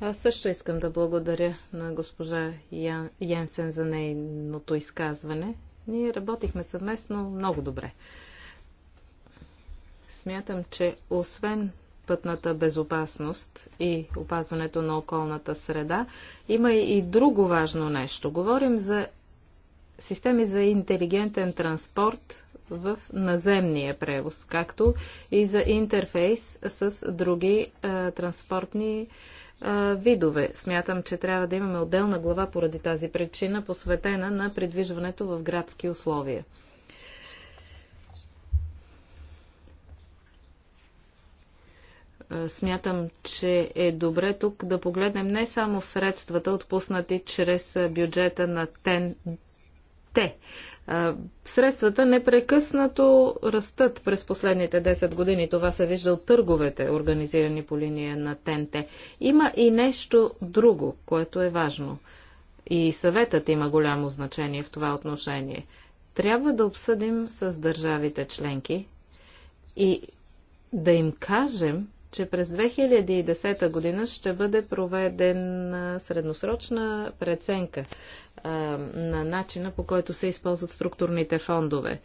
Speaker 3: Аз също искам да благодаря на госпожа Ян, Янсен за нейното изказване. Ние работихме съвместно много добре. Смятам, че освен пътната безопасност и опазването на околната среда, има и друго важно нещо. Говорим за системи за интелигентен транспорт в наземния превоз, както и за интерфейс с други а, е, транспортни а, е, видове. Смятам, че трябва да имаме отделна глава поради тази причина, посветена на придвижването в градски условия. Е, смятам, че е добре тук да погледнем не само средствата, отпуснати чрез бюджета на ТЕН те. Средствата непрекъснато растат през последните 10 години. Това се вижда от търговете, организирани по линия на ТНТ. Има и нещо друго, което е важно. И съветът има голямо значение в това отношение. Трябва да обсъдим с държавите членки и да им кажем, че през 2010 година ще бъде проведена средносрочна преценка на начина по който се използват структурните фондове.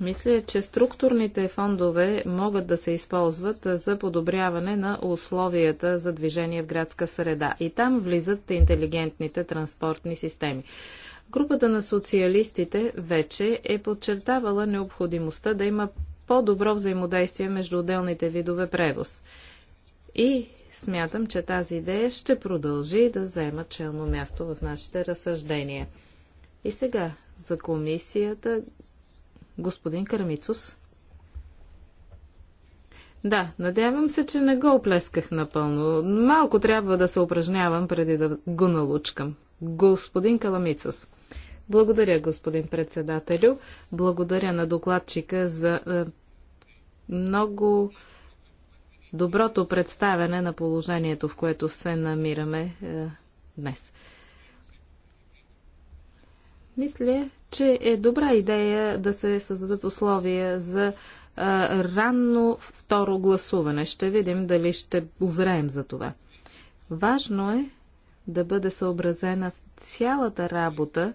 Speaker 3: Мисля, че структурните фондове могат да се използват за подобряване на условията за движение в градска среда. И там влизат интелигентните транспортни системи. Групата на социалистите вече е подчертавала необходимостта да има по-добро взаимодействие между отделните видове превоз. И смятам, че тази идея ще продължи да заема челно място в нашите разсъждения. И сега за комисията господин Кармицус. Да, надявам се, че не го оплесках напълно. Малко трябва да се упражнявам преди да го налучкам. Господин Каламицус. Благодаря, господин председателю. Благодаря на докладчика за е, много доброто представяне на положението, в което се намираме е, днес. Мисля, че е добра идея да се създадат условия за е, ранно второ гласуване. Ще видим дали ще озреем за това. Важно е да бъде съобразена в цялата работа,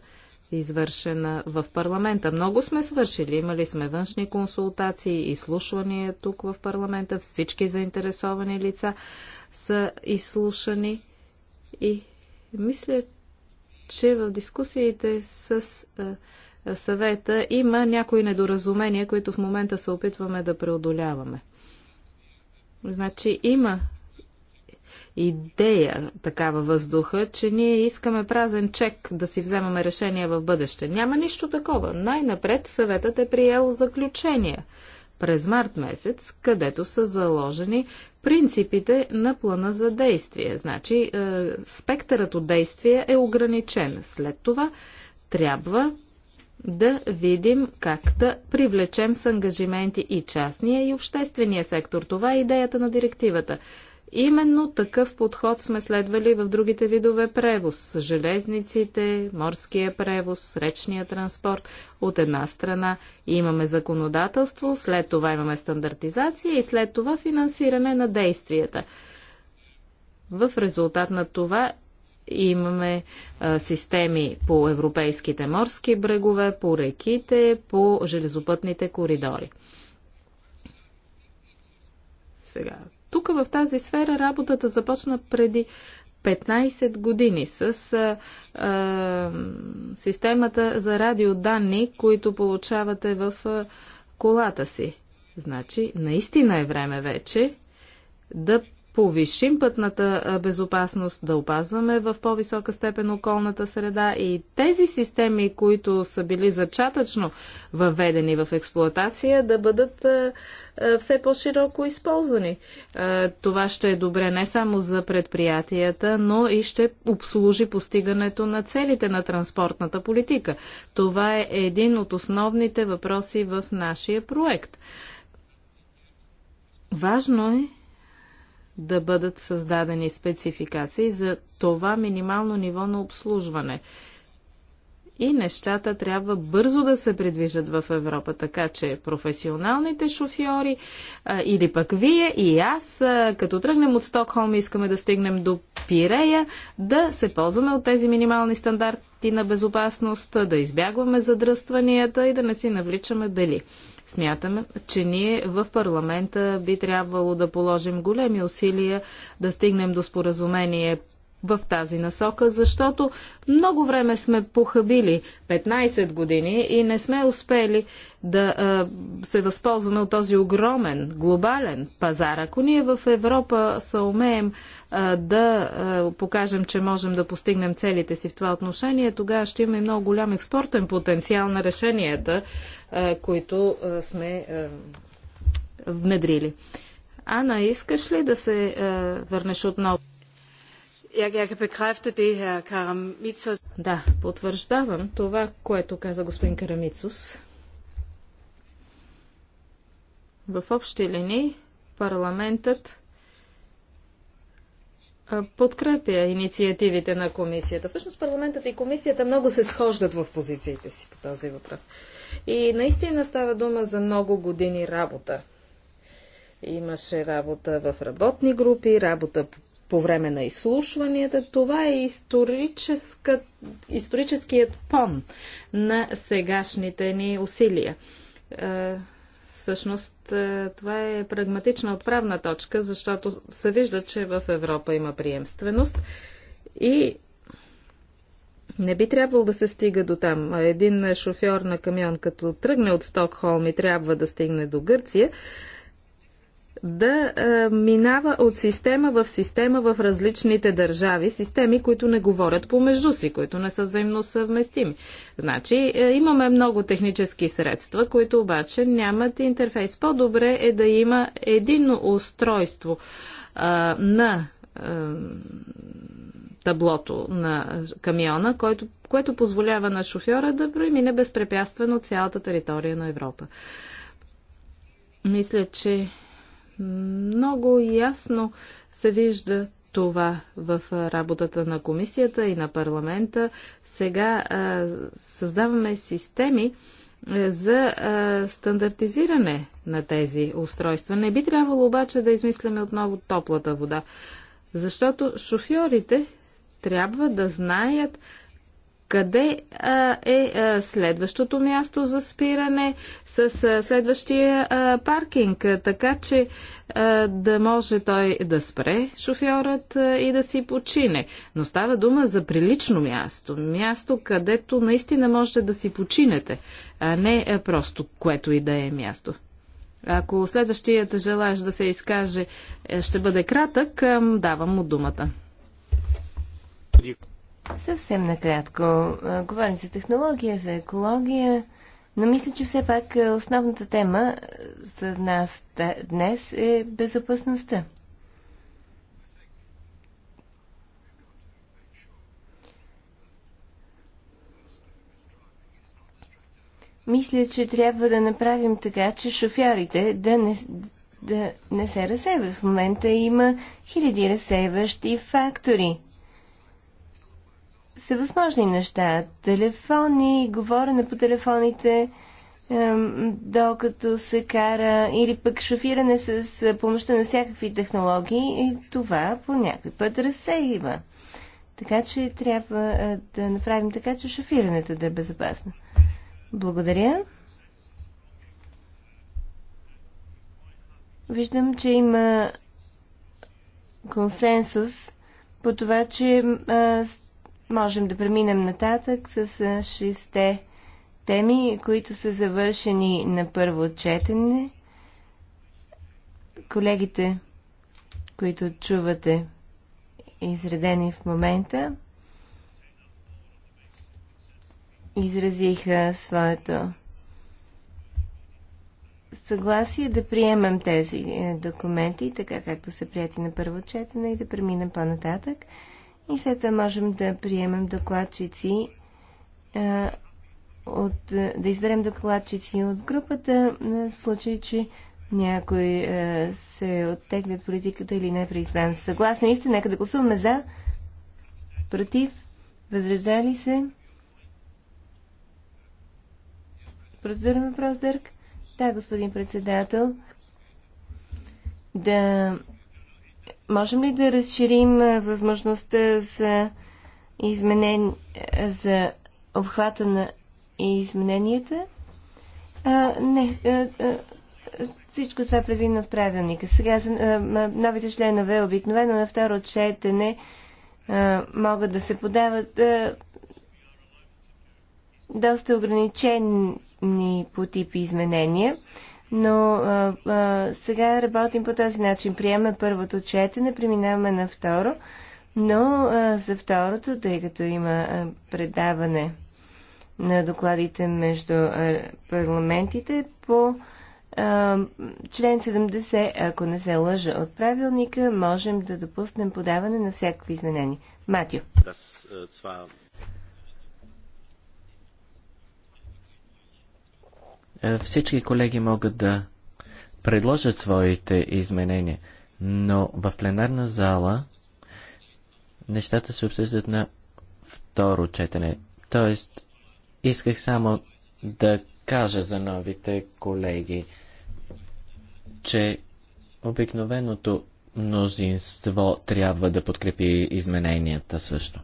Speaker 3: извършена в парламента. Много сме свършили. Имали сме външни консултации, изслушвания тук в парламента. Всички заинтересовани лица са изслушани. И мисля, че в дискусиите с съвета има някои недоразумения, които в момента се опитваме да преодоляваме. Значи има идея така във въздуха, че ние искаме празен чек да си вземаме решение в бъдеще. Няма нищо такова. Най-напред съветът е приел заключения през март месец, където са заложени принципите на плана за действие. Значи, е, спектърът от действие е ограничен. След това трябва да видим как да привлечем с ангажименти и частния и обществения сектор. Това е идеята на директивата. Именно такъв подход сме следвали в другите видове превоз – железниците, морския превоз, речния транспорт. От една страна имаме законодателство, след това имаме стандартизация и след това финансиране на действията. В резултат на това имаме а, системи по европейските морски брегове, по реките, по железопътните коридори. Сега, тук в тази сфера работата започна преди 15 години с а, а, системата за радиоданни, които получавате в а, колата си. Значи, наистина е време вече да повишим пътната безопасност, да опазваме в по-висока степен околната среда и тези системи, които са били зачатъчно въведени в експлоатация, да бъдат все по-широко използвани. Това ще е добре не само за предприятията, но и ще обслужи постигането на целите на транспортната политика. Това е един от основните въпроси в нашия проект. Важно е да бъдат създадени спецификации за това минимално ниво на обслужване и нещата трябва бързо да се придвижат в Европа, така че професионалните шофьори а, или пък вие и аз, а, като тръгнем от Стокхолм искаме да стигнем до Пирея, да се ползваме от тези минимални стандарти на безопасност, да избягваме задръстванията и да не си навличаме бели. Смятам, че ние в парламента би трябвало да положим големи усилия да стигнем до споразумение в тази насока, защото много време сме похабили 15 години и не сме успели да а, се възползваме от този огромен глобален пазар. Ако ние в Европа се умеем а, да а, покажем, че можем да постигнем целите си в това отношение, тогава ще имаме много голям експортен потенциал на решенията, а, които а, сме а, внедрили. Ана, искаш ли да се а, върнеш отново? Да, потвърждавам това, което каза господин Карамицус. В общи линии парламентът подкрепя инициативите на комисията. Всъщност парламентът и комисията много се схождат в позициите си по този въпрос. И наистина става дума за много години работа. Имаше работа в работни групи, работа по по време на изслушванията. Това е историческият пон на сегашните ни усилия. Е, всъщност, е, това е прагматична отправна точка, защото се вижда, че в Европа има приемственост и не би трябвало да се стига до там. Един шофьор на камион, като тръгне от Стокхолм и трябва да стигне до Гърция, да е, минава от система в система в различните държави, системи, които не говорят помежду си, които не са взаимно съвместими. Значи е, имаме много технически средства, които обаче нямат интерфейс. По-добре е да има едино устройство е, на е, таблото на камиона, който, което позволява на шофьора да премине безпрепятствено цялата територия на Европа. Мисля, че много ясно се вижда това в работата на комисията и на парламента. Сега а, създаваме системи за а, стандартизиране на тези устройства. Не би трябвало обаче да измисляме отново топлата вода, защото шофьорите трябва да знаят къде а, е а, следващото място за спиране с а, следващия а, паркинг, а, така че а, да може той да спре шофьорът а, и да си почине. Но става дума за прилично място, място, където наистина можете да си починете, а не а, просто което и да е място. Ако следващият желаеш да се изкаже, е, ще бъде кратък, давам му думата.
Speaker 1: Съвсем накратко. Говорим за технология, за екология, но мисля, че все пак основната тема за нас днес е безопасността. Мисля, че трябва да направим така, че шофьорите да не, да не се разсейват. В момента има хиляди разсейващи фактори всевъзможни неща. Телефони, говорене по телефоните, докато се кара, или пък шофиране с помощта на всякакви технологии, и това по някой път разсейва. Така че трябва е, да направим така, че шофирането да е безопасно. Благодаря. Виждам, че има консенсус по това, че а, е, можем да преминем нататък с шесте теми, които са завършени на първо четене. Колегите, които чувате изредени в момента, изразиха своето съгласие да приемем тези е, документи, така както са прияти на първо четене и да преминем по-нататък и след това можем да приемем докладчици а, от, да изберем докладчици от групата в случай, че някой а, се оттегне от политиката или не е преизбран. Съгласни ли сте? Нека да гласуваме за, против, възраждали се. Процедурен въпрос, Дърк? Да, господин председател. Да можем ли да разширим възможността за изменен, за обхвата на измененията? А, не, а, а, всичко това е предвидено в правилника. Сега а, новите членове обикновено на второ четене а, могат да се подават а, доста ограничени по типи изменения. Но а, а, сега работим по този начин. Приемаме първото четене, преминаваме на второ, но а, за второто, тъй като има а, предаване на докладите между а, парламентите по а, член 70, ако не се лъжа от правилника, можем да допуснем подаване на всякакви изменения. Матио.
Speaker 2: Е, всички колеги могат да предложат своите изменения, но в пленарна зала нещата се обсъждат на второ четене. Тоест, исках само да кажа за новите колеги, че обикновеното мнозинство трябва да подкрепи измененията също.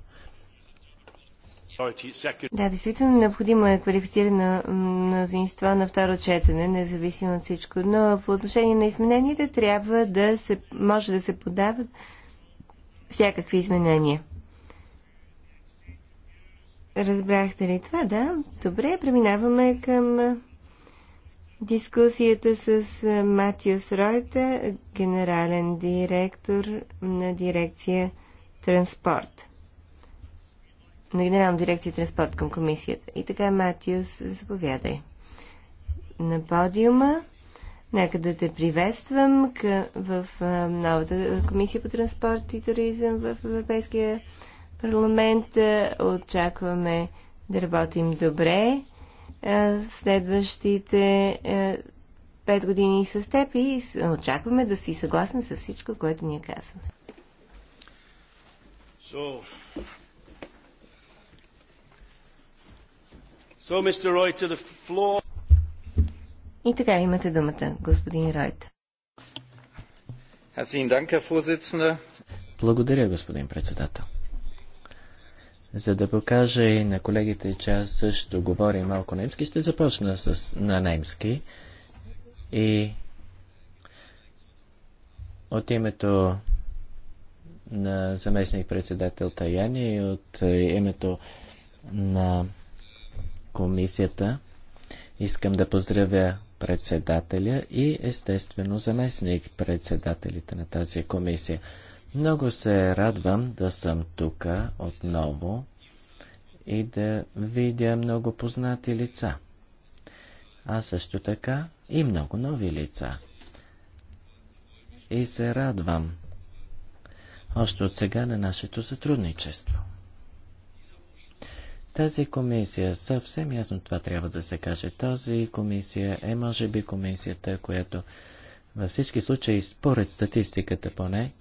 Speaker 1: Да, действително необходимо е квалифицирано мнозинство на второ четене, независимо от всичко. Но по отношение на измененията трябва да се, може да се подават всякакви изменения. Разбрахте ли това? Да. Добре, преминаваме към дискусията с Матиус Ройта, генерален директор на дирекция Транспорт на Генерална дирекция транспорт към комисията. И така, Матиус, заповядай. На подиума, нека да те приветствам в новата комисия по транспорт и туризъм в Европейския парламент. Очакваме да работим добре. Следващите пет години с теб и очакваме да си съгласна с всичко, което ние казваме.
Speaker 2: So, So, Mr. Roy, to the floor.
Speaker 1: И така имате думата, господин Ройт. Благодаря, господин председател.
Speaker 2: За да покажа и на колегите, че аз също говоря малко немски, ще започна с, на немски. И от името на заместник председател Таяни и от е, името на комисията. Искам да поздравя председателя и естествено заместник председателите на тази комисия. Много се радвам да съм тук отново и да видя много познати лица. А също така и много нови лица. И се радвам още от сега на нашето сътрудничество. Тази комисия, съвсем ясно това трябва да се каже, тази комисия е може би комисията, която във всички случаи, според статистиката поне,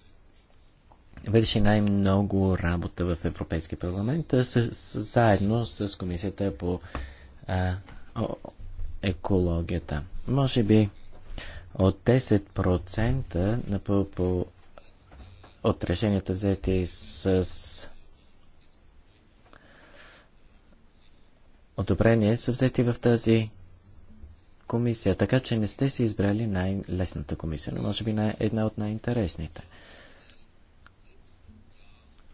Speaker 2: върши най-много работа в Европейския парламент, с, с, заедно с комисията по а, о, екологията. Може би от 10% на, по, по, от решенията взети с, с одобрение са взети в тази комисия, така че не сте си избрали най-лесната комисия, но може би най- една от най-интересните.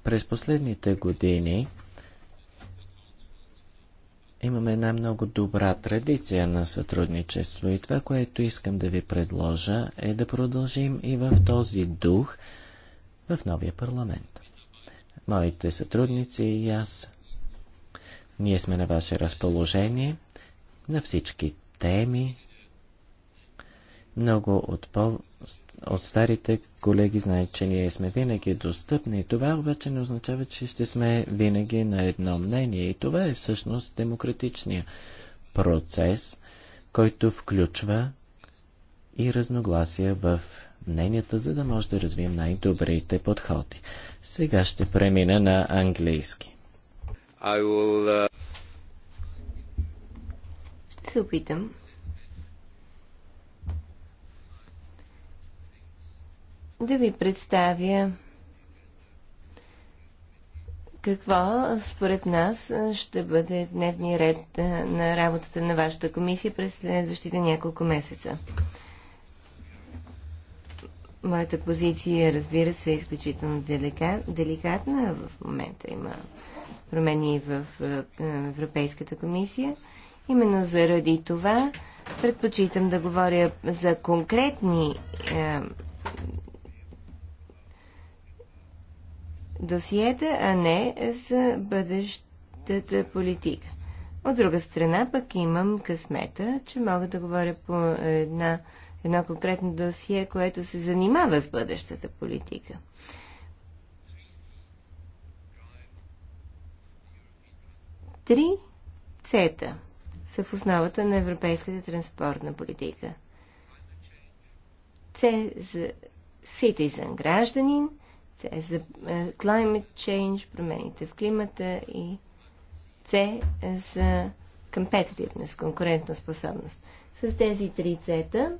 Speaker 2: През последните години имаме една много добра традиция на сътрудничество и това, което искам да ви предложа е да продължим и в този дух в новия парламент. Моите сътрудници и аз ние сме на ваше разположение на всички теми. Много от, по... от старите колеги знаят, че ние сме винаги достъпни. Това обаче не означава, че ще сме винаги на едно мнение. И това е всъщност демократичния процес, който включва и разногласия в мненията, за да може да развием най-добрите подходи. Сега ще премина на английски. I will... Uh,
Speaker 1: ще се опитам. Да ви представя какво според нас ще бъде дневния ред на работата на вашата комисия през следващите няколко месеца. Моята позиция, разбира се, е изключително деликатна в момента. Има промени в е, е, Европейската комисия. Именно заради това предпочитам да говоря за конкретни е, досиета, а не за бъдещата политика. От друга страна пък имам късмета, че мога да говоря по една, едно конкретно досие, което се занимава с бъдещата политика. Три цета са в основата на европейската транспортна политика. Це за citizen гражданин, це за е, climate change, промените в климата и це за competitiveness, конкурентна способност. С тези три цета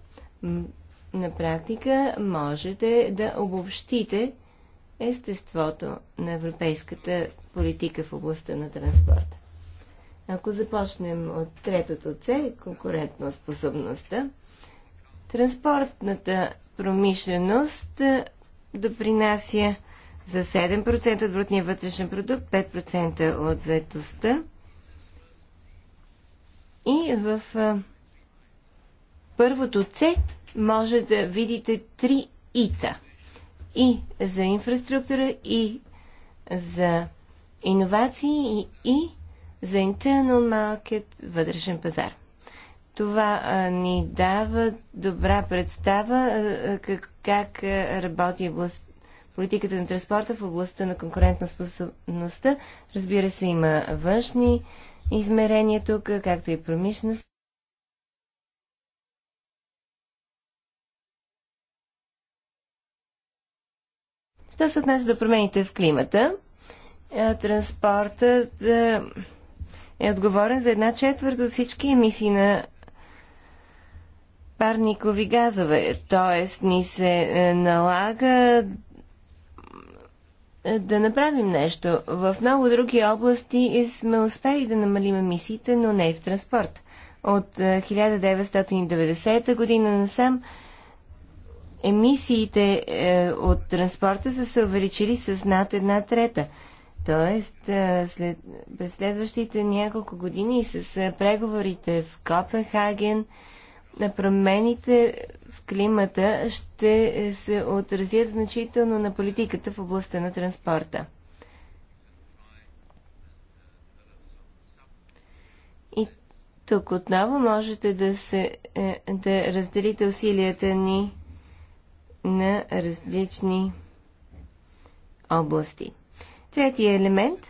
Speaker 1: на практика можете да обобщите естеството на европейската политика в областта на транспорта. Ако започнем от третото С, конкурентна способността, транспортната промишленост допринася за 7% от брутния вътрешен продукт, 5% от заетостта. И в първото С може да видите три ИТА. И за инфраструктура, и за иновации, и, и за Internal Market, вътрешен пазар. Това а, ни дава добра представа а, как, как работи област, политиката на транспорта в областта на конкурентоспособността. Разбира се, има външни измерения тук, както и промишленост. Що се отнася до промените в климата, транспортът е отговорен за една четвърт от всички емисии на парникови газове. Тоест ни се е, налага е, да направим нещо. В много други области е, сме успели да намалим емисиите, но не и в транспорт. От 1990 година насам емисиите от транспорта са се увеличили с над една трета – Тоест, след, през следващите няколко години с преговорите в Копенхаген, на промените в климата ще е, се отразят значително на политиката в областта на транспорта. И тук отново можете да, се, е, да разделите усилията ни на различни области. Третия елемент,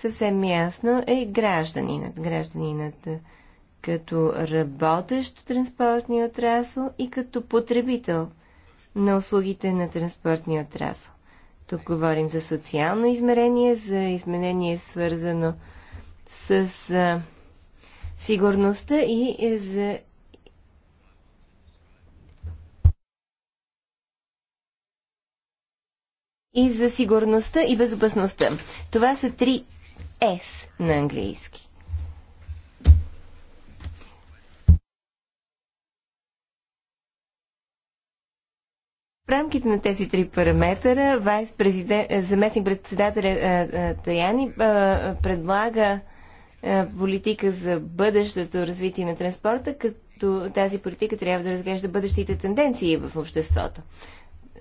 Speaker 1: съвсем ясно, е гражданинът. Гражданинът е, като работещ в транспортния отрасъл и като потребител на услугите на транспортния отрасъл. Тук говорим за социално измерение, за изменение свързано с е, сигурността и е, за и за сигурността и безопасността. Това са три S на английски. В рамките на тези три параметъра вайс е, заместник председателя е, е, Таяни предлага политика за бъдещето развитие на транспорта, като тази политика трябва да разглежда бъдещите тенденции в обществото.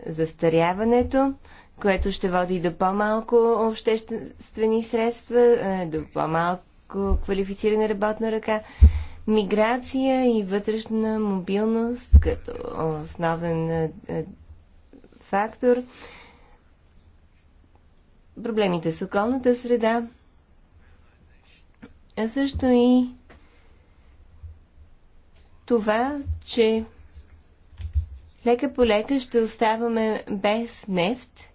Speaker 1: Застаряването, което ще води до по-малко обществени средства, е, до по-малко квалифицирана работна ръка, миграция и вътрешна мобилност като основен е, е, фактор, проблемите с околната среда, а също и това, че лека по лека ще оставаме без нефт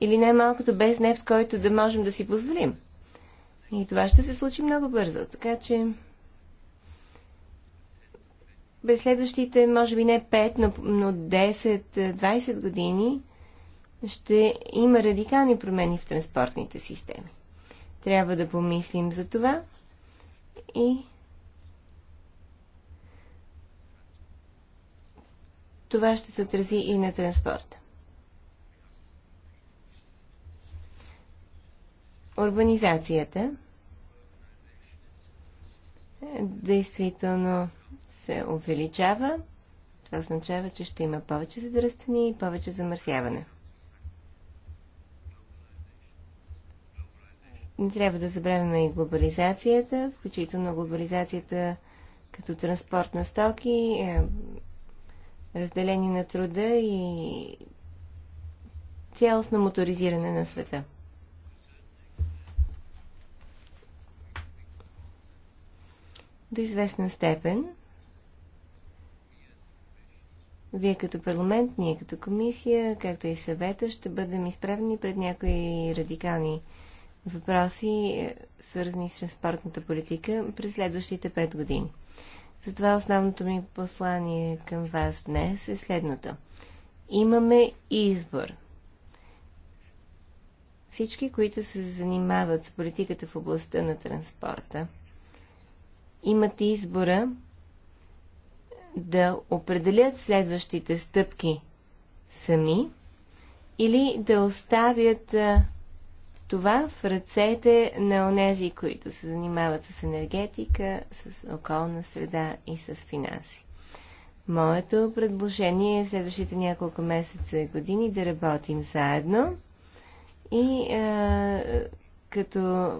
Speaker 1: или най-малкото без нефт, който да можем да си позволим. И това ще се случи много бързо. Така че през следващите, може би не 5, но, но 10-20 години ще има радикални промени в транспортните системи. Трябва да помислим за това и това ще се отрази и на транспорта. урбанизацията действително се увеличава. Това означава, че ще има повече задръстване и повече замърсяване. Не трябва да забравяме и глобализацията, включително глобализацията като транспорт на стоки, е, разделение на труда и цялостно моторизиране на света. до известна степен вие като парламент, ние като комисия, както и съвета, ще бъдем изправени пред някои радикални въпроси, е, свързани с транспортната политика през следващите пет години. Затова основното ми послание към вас днес е следното. Имаме избор. Всички, които се занимават с политиката в областта на транспорта – имат избора да определят следващите стъпки сами или да оставят това в ръцете на онези, които се занимават с енергетика, с околна среда и с финанси. Моето предложение е следващите няколко месеца и години да работим заедно и а, като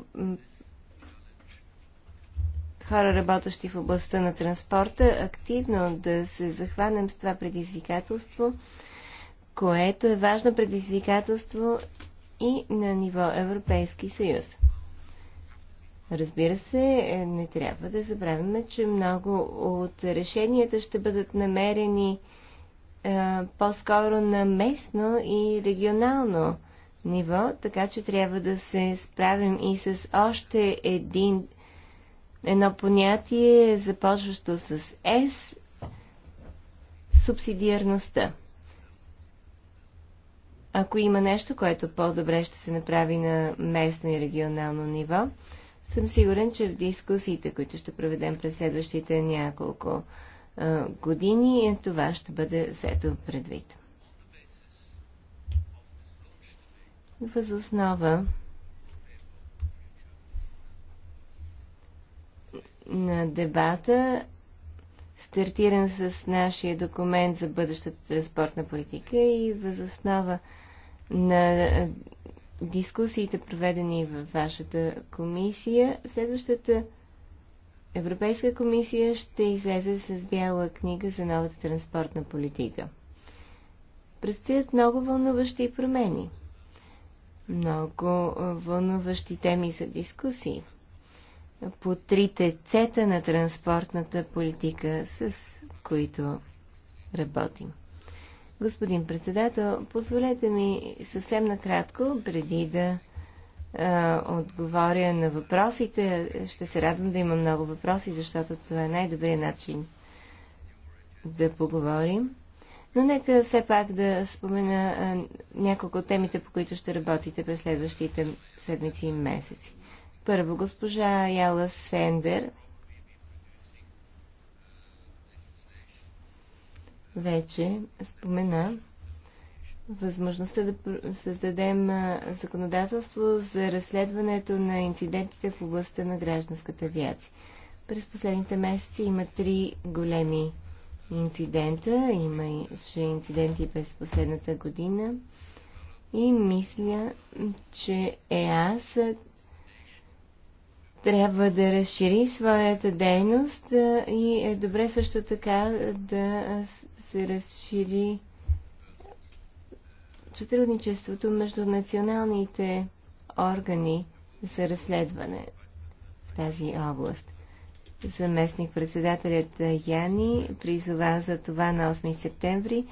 Speaker 1: хора, работещи в областта на транспорта, активно да се захванем с това предизвикателство, което е важно предизвикателство и на ниво Европейски съюз. Разбира се, не трябва да забравяме, че много от решенията ще бъдат намерени по-скоро на местно и регионално ниво, така че трябва да се справим и с още един едно понятие, започващо с S – субсидиарността. Ако има нещо, което по-добре ще се направи на местно и регионално ниво, съм сигурен, че в дискусиите, които ще проведем през следващите няколко години, е, това ще бъде взето предвид. Възоснова основа на дебата, стартиран с нашия документ за бъдещата транспортна политика и възоснова на е, дискусиите, проведени в вашата комисия, следващата Европейска комисия ще излезе с бяла книга за новата транспортна политика. Предстоят много вълнуващи промени, много вълнуващи теми за дискусии – по трите цета на транспортната политика, с които работим. Господин председател, позволете ми съвсем накратко, преди да а, отговоря на въпросите. Ще се радвам да има много въпроси, защото това е най-добрият начин да поговорим. Но нека все пак да спомена а, няколко от темите, по които ще работите през следващите седмици и месеци. Първо, госпожа Яла Сендер вече спомена възможността да създадем законодателство за разследването на инцидентите в областта на гражданската авиация. През последните месеци има три големи инцидента. Има и инциденти през последната година. И мисля, че ЕАС трябва да разшири своята дейност и е добре също така да се разшири сътрудничеството между националните органи за разследване в тази област. Заместник председателят Яни призова за това на 8 септември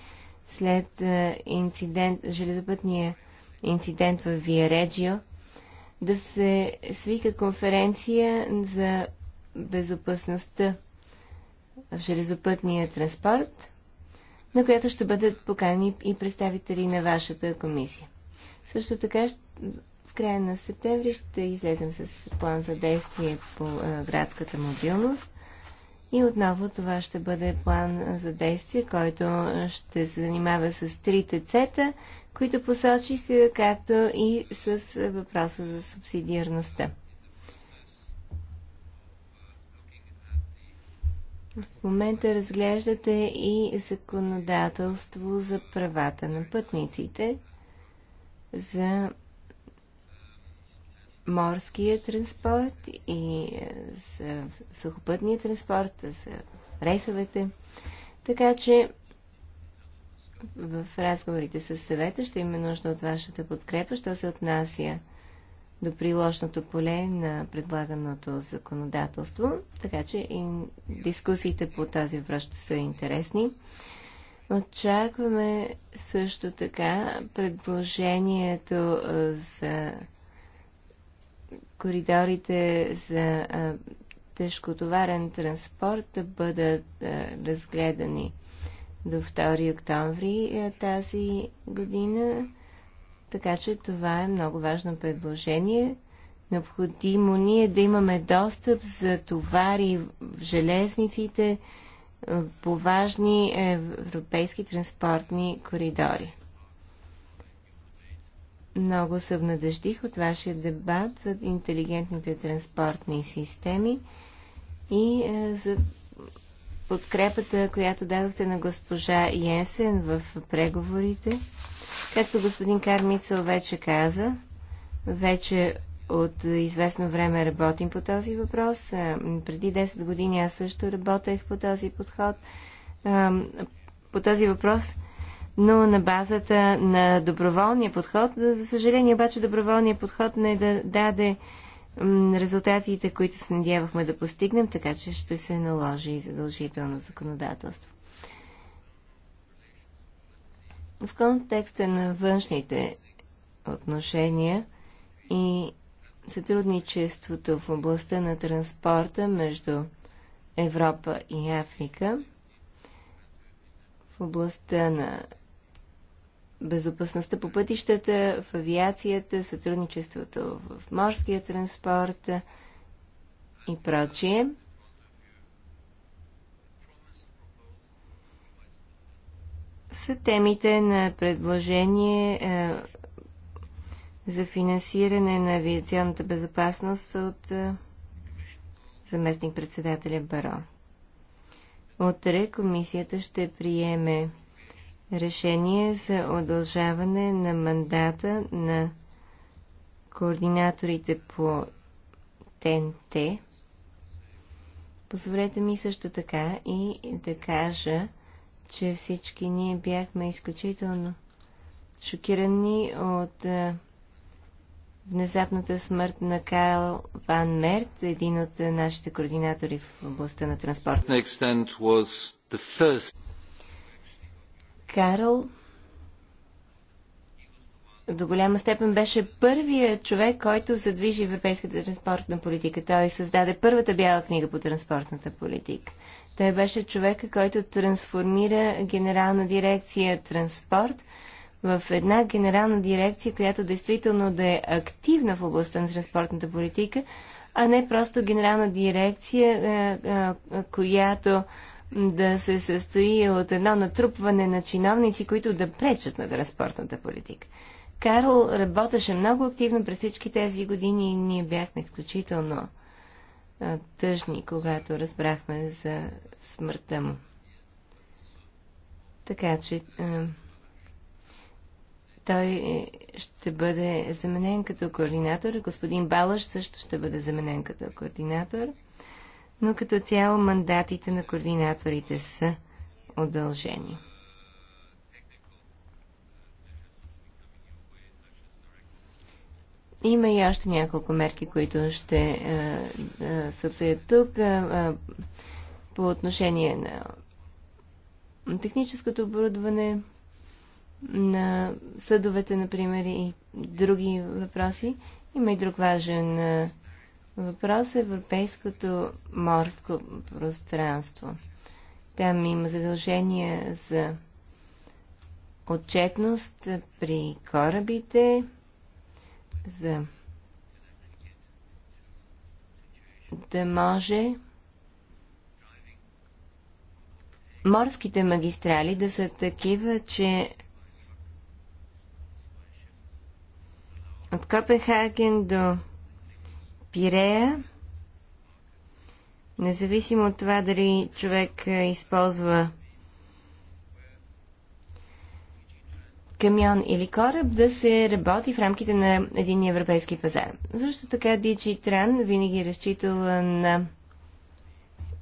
Speaker 1: след инцидент, железопътния инцидент в Виареджио да се свика конференция за безопасността в железопътния транспорт, на която ще бъдат покани и представители на вашата комисия. Също така, в края на септември ще излезем с план за действие по градската мобилност и отново това ще бъде план за действие, който ще се занимава с трите цета които посочих, е, както и с е, въпроса за субсидиарността. В момента разглеждате и законодателство за правата на пътниците, за морския транспорт и е, за сухопътния транспорт, за рейсовете. Така че в разговорите с съвета ще има нужда от вашата подкрепа, що се отнася до приложното поле на предлаганото законодателство, така че и дискусиите по тази въпрос ще са интересни. Очакваме също така предложението за коридорите за тежкотоварен транспорт да бъдат разгледани до 2 октомври е, тази година. Така че това е много важно предложение. Необходимо ние да имаме достъп за товари в железниците е, по важни европейски транспортни коридори. Много се обнадеждих от вашия дебат за интелигентните транспортни системи и е, за подкрепата, която дадохте на госпожа Йенсен в преговорите. Както господин Кармицъл вече каза, вече от известно време работим по този въпрос. Преди 10 години аз също работех по този подход, по този въпрос, но на базата на доброволния подход. За съжаление обаче доброволния подход не даде резултатите, които се надявахме да постигнем, така че ще се наложи и задължително законодателство. В контекста на външните отношения и сътрудничеството в областта на транспорта между Европа и Африка, в областта на безопасността по пътищата, в авиацията, сътрудничеството в морския транспорт и прочие. са темите на предложение е, за финансиране на авиационната безопасност от е, заместник-председателя Баро. Утре комисията ще приеме решение за удължаване на мандата на координаторите по ТНТ. Позволете ми също така и да кажа, че всички ние бяхме изключително шокирани от внезапната смърт на Кайл Ван Мерт, един от нашите координатори в областта на транспорта. Карл до голяма степен беше първият човек, който задвижи европейската транспортна политика. Той създаде първата бяла книга по транспортната политика. Той беше човека, който трансформира генерална дирекция транспорт в една генерална дирекция, която действително да е активна в областта на транспортната политика, а не просто генерална дирекция, е, е, която да се състои от едно натрупване на чиновници, които да пречат на транспортната политика. Карл работеше много активно през всички тези години и ние бяхме изключително а, тъжни, когато разбрахме за смъртта му. Така че а, той е, ще бъде заменен като координатор. Господин Балаш също ще бъде заменен като координатор но като цяло мандатите на координаторите са удължени. Има и още няколко мерки, които ще съобсъдят е, е, се обсъдят тук е, по отношение на техническото оборудване, на съдовете, например, и други въпроси. Има и друг важен въпрос е европейското морско пространство. Там има задължения за отчетност при корабите, за да може морските магистрали да са такива, че от Копенхаген до Пирея. Независимо от това дали човек е, използва камион или кораб, да се работи в рамките на един европейски пазар. Също така Дичи Тран винаги е разчитала на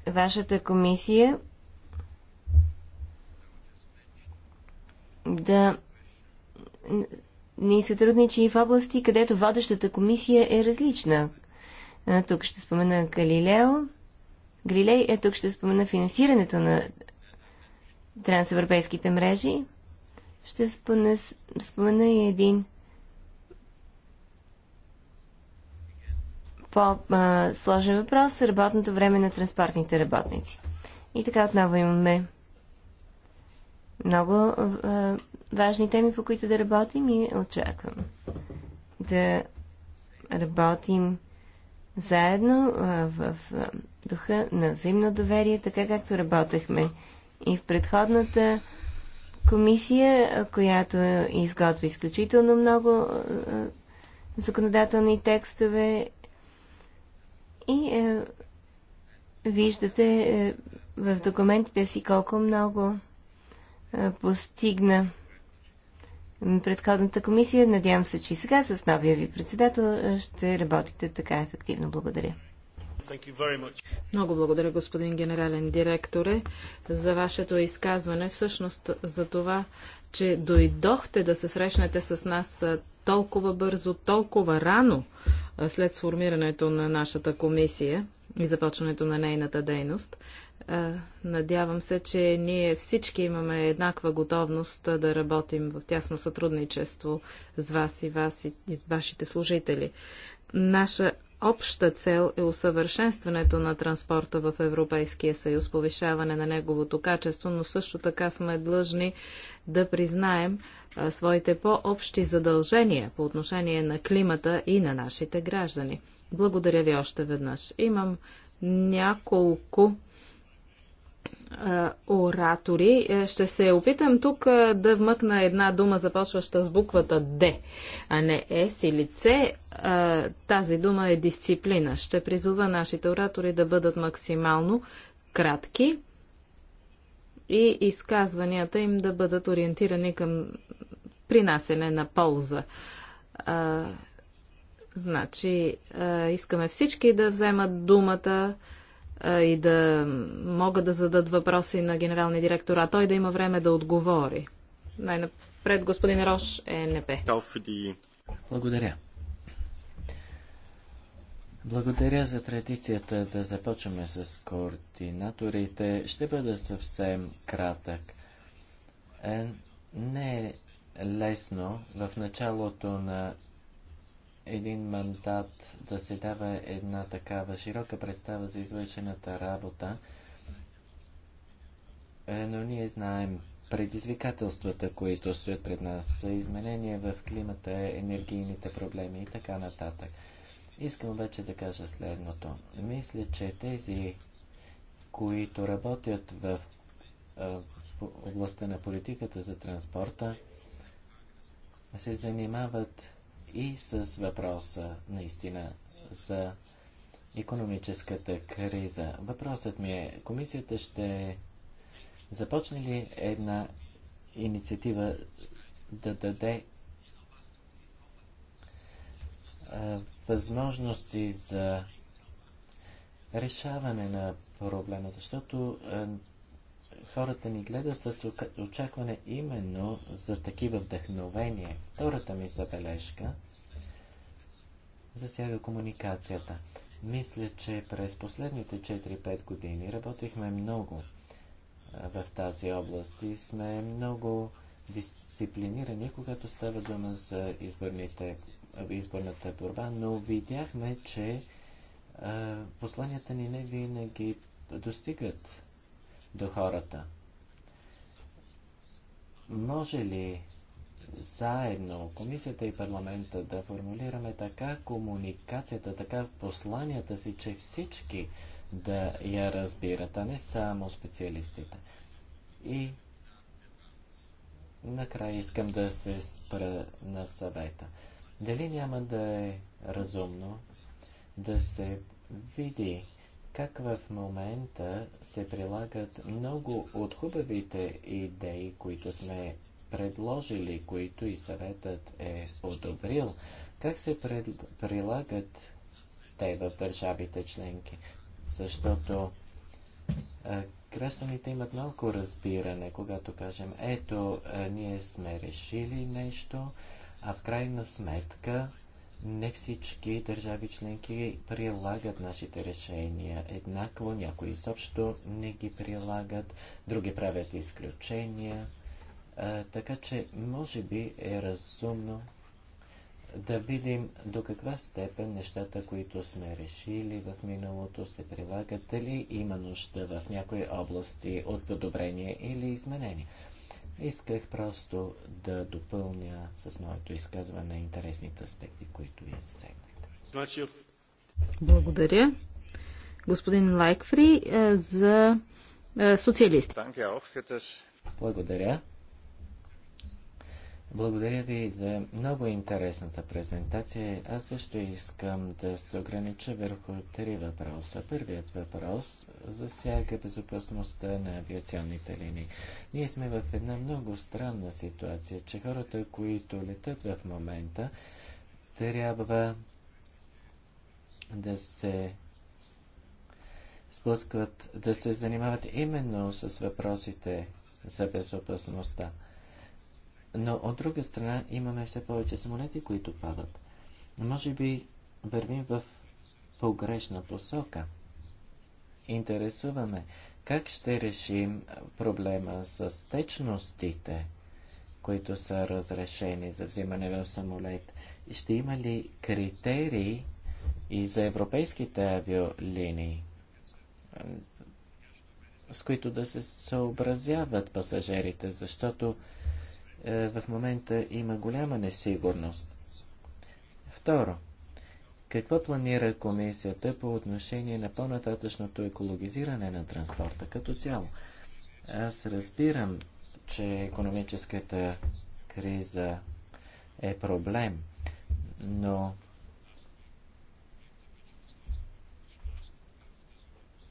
Speaker 1: вашата комисия да ни сътрудничи в области, където водещата комисия е различна, тук ще спомена Галилео. Галилей, е, тук ще спомена финансирането на трансевропейските мрежи. Ще спомена, спомена и един по-сложен въпрос – работното време на транспортните работници. И така отново имаме много а, важни теми, по които да работим и очаквам да работим заедно в духа на взаимно доверие, така както работехме и в предходната комисия, която изготви изключително много законодателни текстове и виждате в документите си колко много постигна предходната комисия. Надявам се, че и сега с новия ви председател ще работите така ефективно. Благодаря.
Speaker 3: Много благодаря, господин генерален директоре, за вашето изказване. Всъщност за това, че дойдохте да се срещнете с нас толкова бързо, толкова рано след сформирането на нашата комисия и започването на нейната дейност. Е, надявам се, че ние всички имаме еднаква готовност е, да работим в тясно сътрудничество с вас и, вас и, с вашите служители. Наша обща цел е усъвършенстването на транспорта в Европейския съюз, повишаване на неговото качество, но също така сме длъжни да признаем а, е, своите по-общи задължения по отношение на климата и на нашите граждани. Благодаря ви още веднъж. Имам няколко оратори. Е, ще се опитам тук да вмъкна една дума, започваща с буквата Д, а не С или С. Тази дума е дисциплина. Ще призова нашите оратори да бъдат максимално кратки и изказванията им да бъдат ориентирани към принасене на полза. Значи, искаме всички да вземат думата и да могат да зададат въпроси на генералния директор, а той да има време да отговори. Най-напред господин Рош е НП.
Speaker 2: Благодаря. Благодаря за традицията да започваме с координаторите. Ще бъда съвсем кратък. Е, не е лесно в началото на един мандат, да се дава една такава широка представа за извършената работа, е, но ние знаем предизвикателствата, които стоят пред нас, изменения в климата, енергийните проблеми и така нататък. Искам обаче да кажа следното. Мисля, че тези, които работят в, в областта на политиката за транспорта, се занимават и с въпроса наистина за економическата криза. Въпросът ми е, комисията ще започне ли една инициатива да даде а, възможности за решаване на проблема, защото а, хората ни гледат с очакване именно за такива вдъхновения. Втората ми забележка засяга комуникацията. Мисля, че през последните 4-5 години работихме много в тази област и сме много дисциплинирани, когато става дума за изборните, изборната борба, но видяхме, че посланията ни не винаги достигат до хората. Може ли заедно комисията и парламента да формулираме така комуникацията, така посланията си, че всички да я разбират, а не само специалистите. И накрая искам да се спра на съвета. Дали няма да е разумно да се види как в момента се прилагат много от хубавите идеи, които сме предложили, които и съветът е одобрил, как се пред, прилагат те в държавите членки. Защото гражданите имат малко разбиране, когато кажем, ето, а, ние сме решили нещо, а в крайна сметка не всички държави членки прилагат нашите решения еднакво, някои изобщо не ги прилагат, други правят изключения. А, така че, може би е разумно да видим до каква степен нещата, които сме решили в миналото, се прилагат, дали има нужда в някои области от подобрение или изменение. Исках просто да допълня с моето изказване интересните аспекти, които вие засегнахте. Значи,
Speaker 3: Благодаря. Господин Лайкфри е, за е, социалисти.
Speaker 2: Благодаря. Благодаря ви за много интересната презентация. Аз също искам да се огранича върху три въпроса. Първият въпрос засяга безопасността на авиационните линии. Ние сме в една много странна ситуация, че хората, които летят в момента, трябва да се сблъскват, да се занимават именно с въпросите за безопасността. Но от друга страна имаме все повече самолети, които падат. Може би вървим в погрешна посока. Интересуваме как ще решим проблема с течностите, които са разрешени за взимане в самолет. Ще има ли критерии и за европейските авиолинии, с които да се съобразяват пасажирите, защото е, в момента има голяма несигурност. Второ, какво планира комисията по отношение на по-нататъчното екологизиране на транспорта като цяло? Аз разбирам, че економическата криза е проблем, но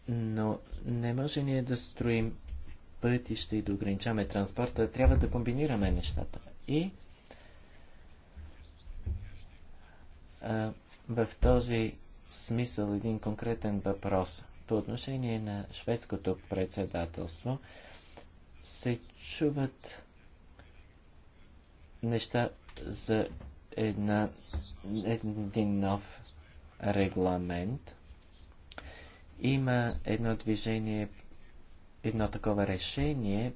Speaker 2: но не може ние да строим пътища и да ограничаваме транспорта, трябва да комбинираме нещата. И а, в този смисъл един конкретен въпрос. По отношение на шведското председателство се чуват неща за една, един нов регламент. Има едно движение едно такова решение,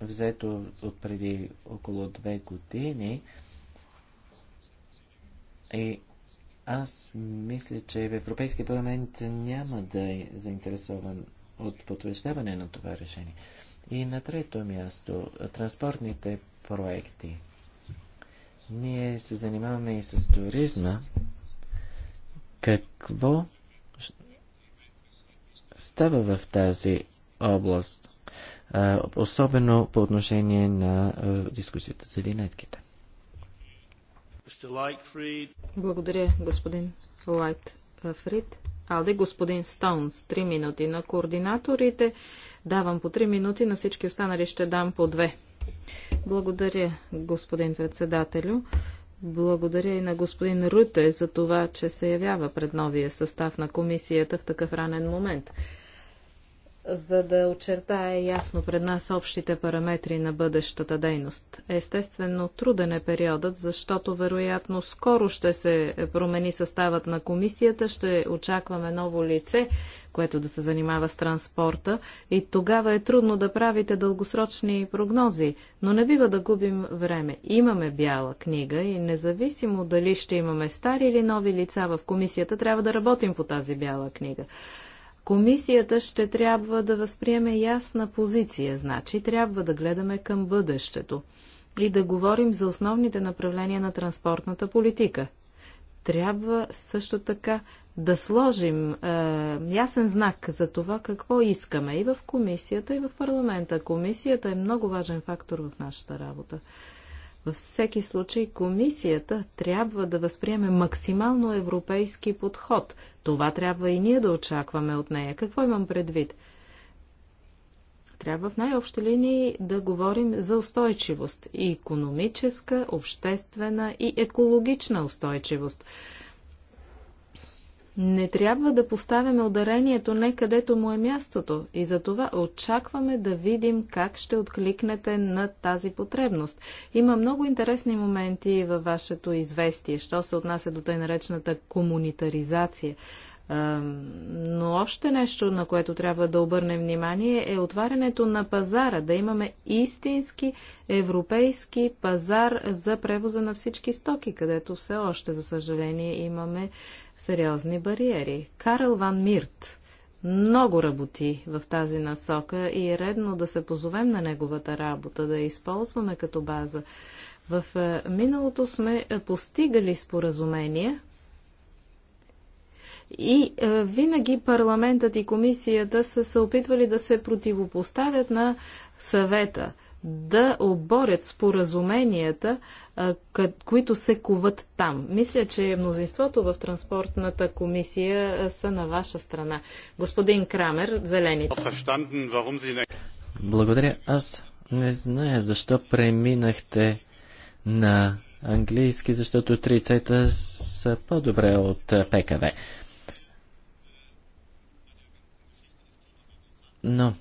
Speaker 2: взето от преди около две години. И е, аз мисля, че в Европейския парламент няма да е заинтересован от потвърждаване на това решение. И на трето място, транспортните проекти. Ние се занимаваме и с туризма. Какво става в тази област, особено по отношение на дискусията за винетките.
Speaker 3: Благодаря, господин Лайт Фрид. Алде, господин Стоунс, 3 минути на координаторите. Давам по 3 минути, на всички останали ще дам по 2. Благодаря, господин председателю. Благодаря и на господин Руте за това, че се явява пред новия състав на комисията в такъв ранен момент за да очертая ясно пред нас общите параметри на бъдещата дейност. Естествено, труден е периодът, защото вероятно скоро ще се промени съставът на комисията, ще очакваме ново лице, което да се занимава с транспорта и тогава е трудно да правите дългосрочни прогнози, но не бива да губим време. Имаме бяла книга и независимо дали ще имаме стари или нови лица в комисията, трябва да работим по тази бяла книга. Комисията ще трябва да възприеме ясна позиция, значи трябва да гледаме към бъдещето и да говорим за основните направления на транспортната политика. Трябва също така да сложим е, ясен знак за това какво искаме и в комисията, и в парламента. Комисията е много важен фактор в нашата работа. Във всеки случай комисията трябва да възприеме максимално европейски подход. Това трябва и ние да очакваме от нея. Какво имам предвид? Трябва в най-общи линии да говорим за устойчивост и економическа, обществена и екологична устойчивост не трябва да поставяме ударението не където му е мястото и затова очакваме да видим как ще откликнете на тази потребност. Има много интересни моменти във вашето известие, що се отнася до тъй наречената комунитаризация. Но още нещо, на което трябва да обърнем внимание, е отварянето на пазара, да имаме истински европейски пазар за превоза на всички стоки, където все още, за съжаление, имаме сериозни бариери. Карл Ван Мирт много работи в тази насока и е редно да се позовем на неговата работа, да я използваме като база. В е, миналото сме е, постигали споразумения и е, винаги парламентът и комисията са се опитвали да се противопоставят на съвета – да оборят споразуменията, които се куват там. Мисля, че мнозинството в транспортната комисия са на ваша страна. Господин Крамер, зелените.
Speaker 2: Благодаря. Аз не зная защо преминахте на английски, защото трицата са по-добре от ПКВ. Но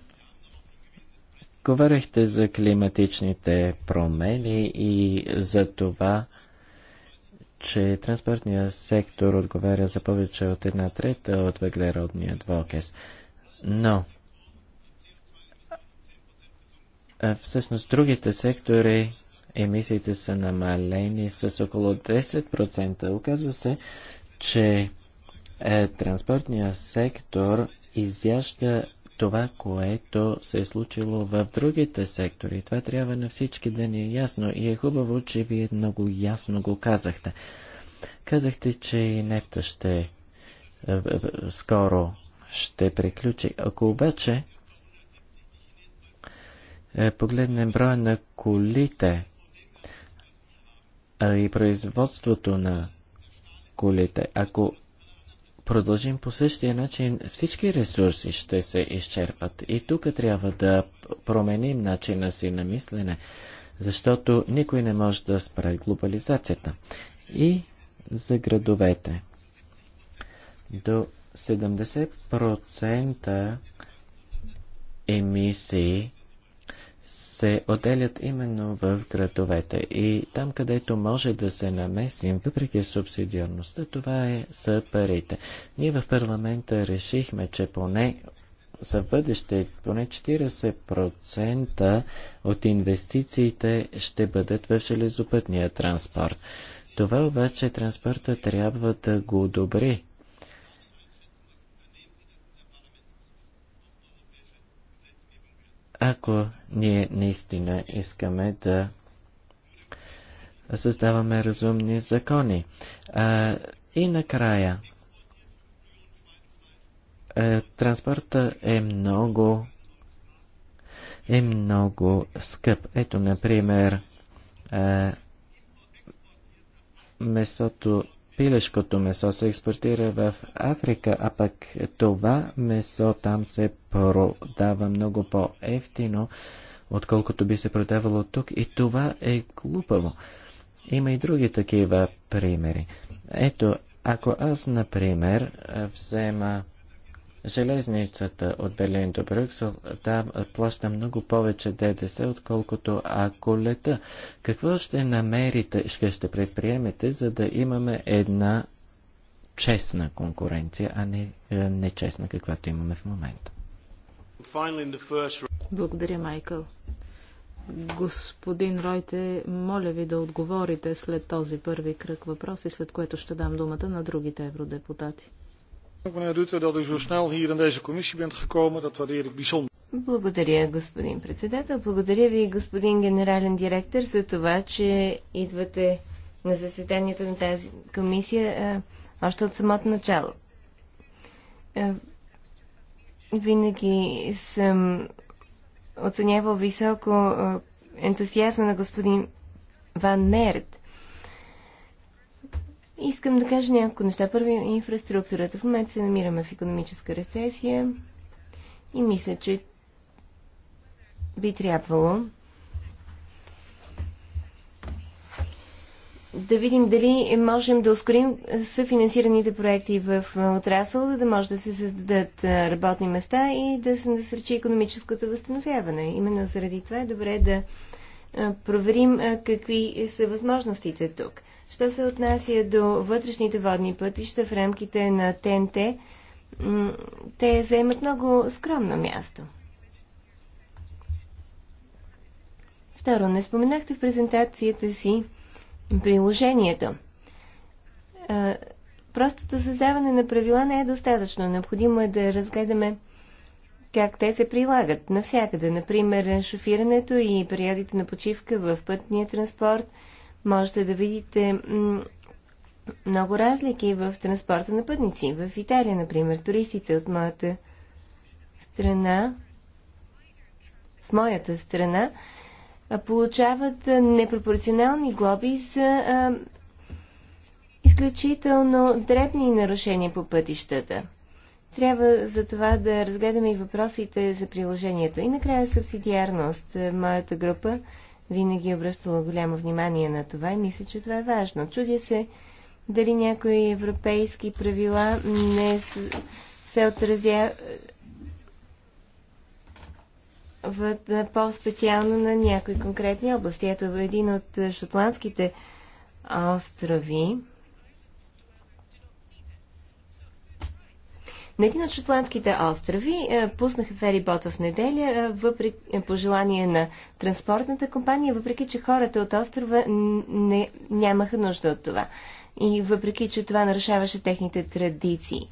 Speaker 2: Говорихте за климатичните промени и за това, че транспортният сектор отговаря за повече от една трета от въглеродния двокес. Но всъщност другите сектори емисиите са намалени с около 10%. Оказва се, че е, транспортният сектор изяжда това, което се е случило в другите сектори. Това трябва на всички да ни е ясно и е хубаво, че вие много ясно го казахте. Казахте, че и нефта ще е, е, скоро ще приключи. Ако обаче е, погледнем броя на колите и производството на колите, ако продължим по същия начин, всички ресурси ще се изчерпат. И тук трябва да променим начина си на мислене, защото никой не може да спре глобализацията. И за градовете. До 70% емисии се отделят именно в градовете. И там, където може да се намесим, въпреки субсидиарността, това е са парите. Ние в парламента решихме, че поне за бъдеще поне 40% от инвестициите ще бъдат в железопътния транспорт. Това обаче транспорта трябва да го одобри. ако ние наистина искаме да създаваме разумни закони. А, и накрая, а, е, транспорта е много е много скъп. Ето, например, а, е, месото пилешкото месо се експортира в Африка, а пък това месо там се продава много по-ефтино, отколкото би се продавало тук. И това е глупаво. Има и други такива примери. Ето, ако аз, например, взема железницата от Берлин до Брюксел, там да, плаща много повече ДДС, отколкото ако лета. Какво ще намерите, ще, ще предприемете, за да имаме една честна конкуренция, а не е, нечестна, каквато имаме в момента?
Speaker 3: Благодаря, Майкъл. Господин Ройте, моля ви да отговорите след този първи кръг въпроси, след което ще дам думата на другите евродепутати.
Speaker 1: Благодаря, господин председател. Благодаря ви, господин генерален директор, за това, че идвате на заседанието на тази комисия още от самото начало. Винаги съм оценявал високо ентусиазма на господин Ван Мерт Искам да кажа няколко неща. Първи инфраструктурата. В момента се намираме в економическа рецесия и мисля, че би трябвало да видим дали можем да ускорим съфинансираните проекти в е, отрасъл, да може да се създадат е, работни места и да се насърчи економическото възстановяване. Именно заради това е добре да е, проверим какви са възможностите тук. Що се отнася до вътрешните водни пътища в рамките на ТНТ, те заемат много скромно място. Второ, не споменахте в презентацията си приложението. Простото създаване на правила не е достатъчно. Необходимо е да разгледаме как те се прилагат навсякъде. Например, шофирането и периодите на почивка в пътния транспорт – можете да видите много разлики в транспорта на пътници. В Италия, например, туристите от моята страна, в моята страна, получават непропорционални глоби за а, изключително дребни нарушения по пътищата. Трябва за това да разгледаме и въпросите за приложението. И накрая субсидиарност. Моята група винаги е обръщала голямо внимание на това и мисля, че това е важно. Чудя се дали някои европейски правила не се отразяват по-специално на някои конкретни области. Ето един от шотландските острови На един от шотландските острови е, пуснаха ферибот в неделя, е, въпреки е, пожелание на транспортната компания, въпреки че хората от острова не, нямаха нужда от това. И въпреки, че това нарушаваше техните традиции.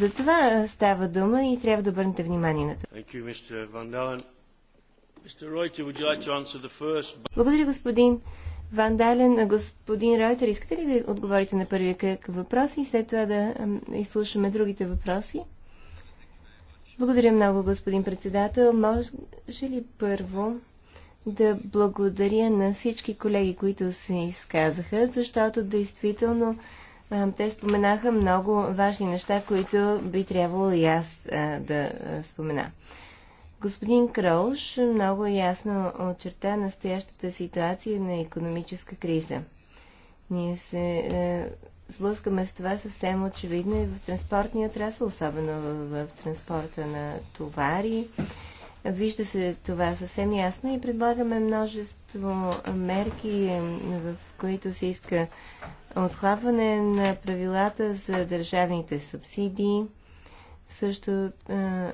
Speaker 1: За това става дума и трябва да обърнете внимание на
Speaker 2: това.
Speaker 1: Благодаря, господин Вандален, господин Ройтер, искате ли да отговорите на първия кръг въпроси и след това да изслушаме другите въпроси? Благодаря много, господин председател. Може ли първо да благодаря на всички колеги, които се изказаха, защото действително те споменаха много важни неща, които би трябвало и аз да спомена. Господин Кролш много ясно очерта настоящата ситуация на економическа криза. Ние се е, сблъскаме с това съвсем очевидно и в транспортния отрасъл, особено в, в, транспорта на товари. Вижда се това съвсем ясно и предлагаме множество мерки, в които се иска отхлапване на правилата за държавните субсидии. Също е,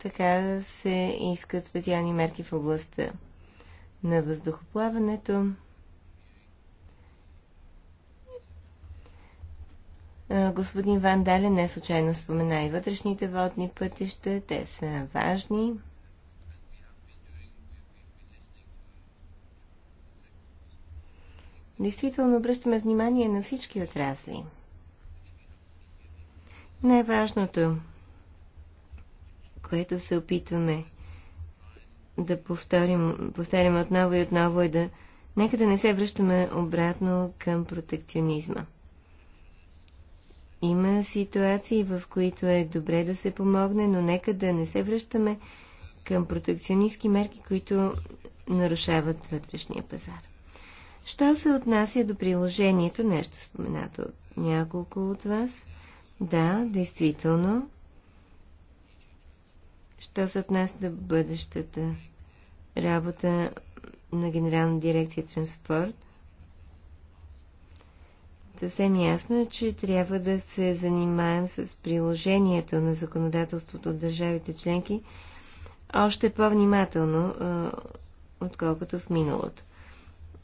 Speaker 1: така се искат специални мерки в областта на въздухоплаването. Господин Ван Дале не случайно спомена и вътрешните водни пътища. Те са важни. Действително обръщаме внимание на всички отрасли. Най-важното което се опитваме да повторим, повторим отново и отново е да нека да не се връщаме обратно към протекционизма. Има ситуации, в които е добре да се помогне, но нека да не се връщаме към протекционистски мерки, които нарушават вътрешния пазар. Що се отнася до приложението, нещо споменато от няколко от вас, да, действително, Що се отнася до бъдещата работа на Генерална дирекция транспорт, съвсем ясно е, че трябва да се занимаем с приложението на законодателството от държавите членки още по-внимателно, отколкото в миналото.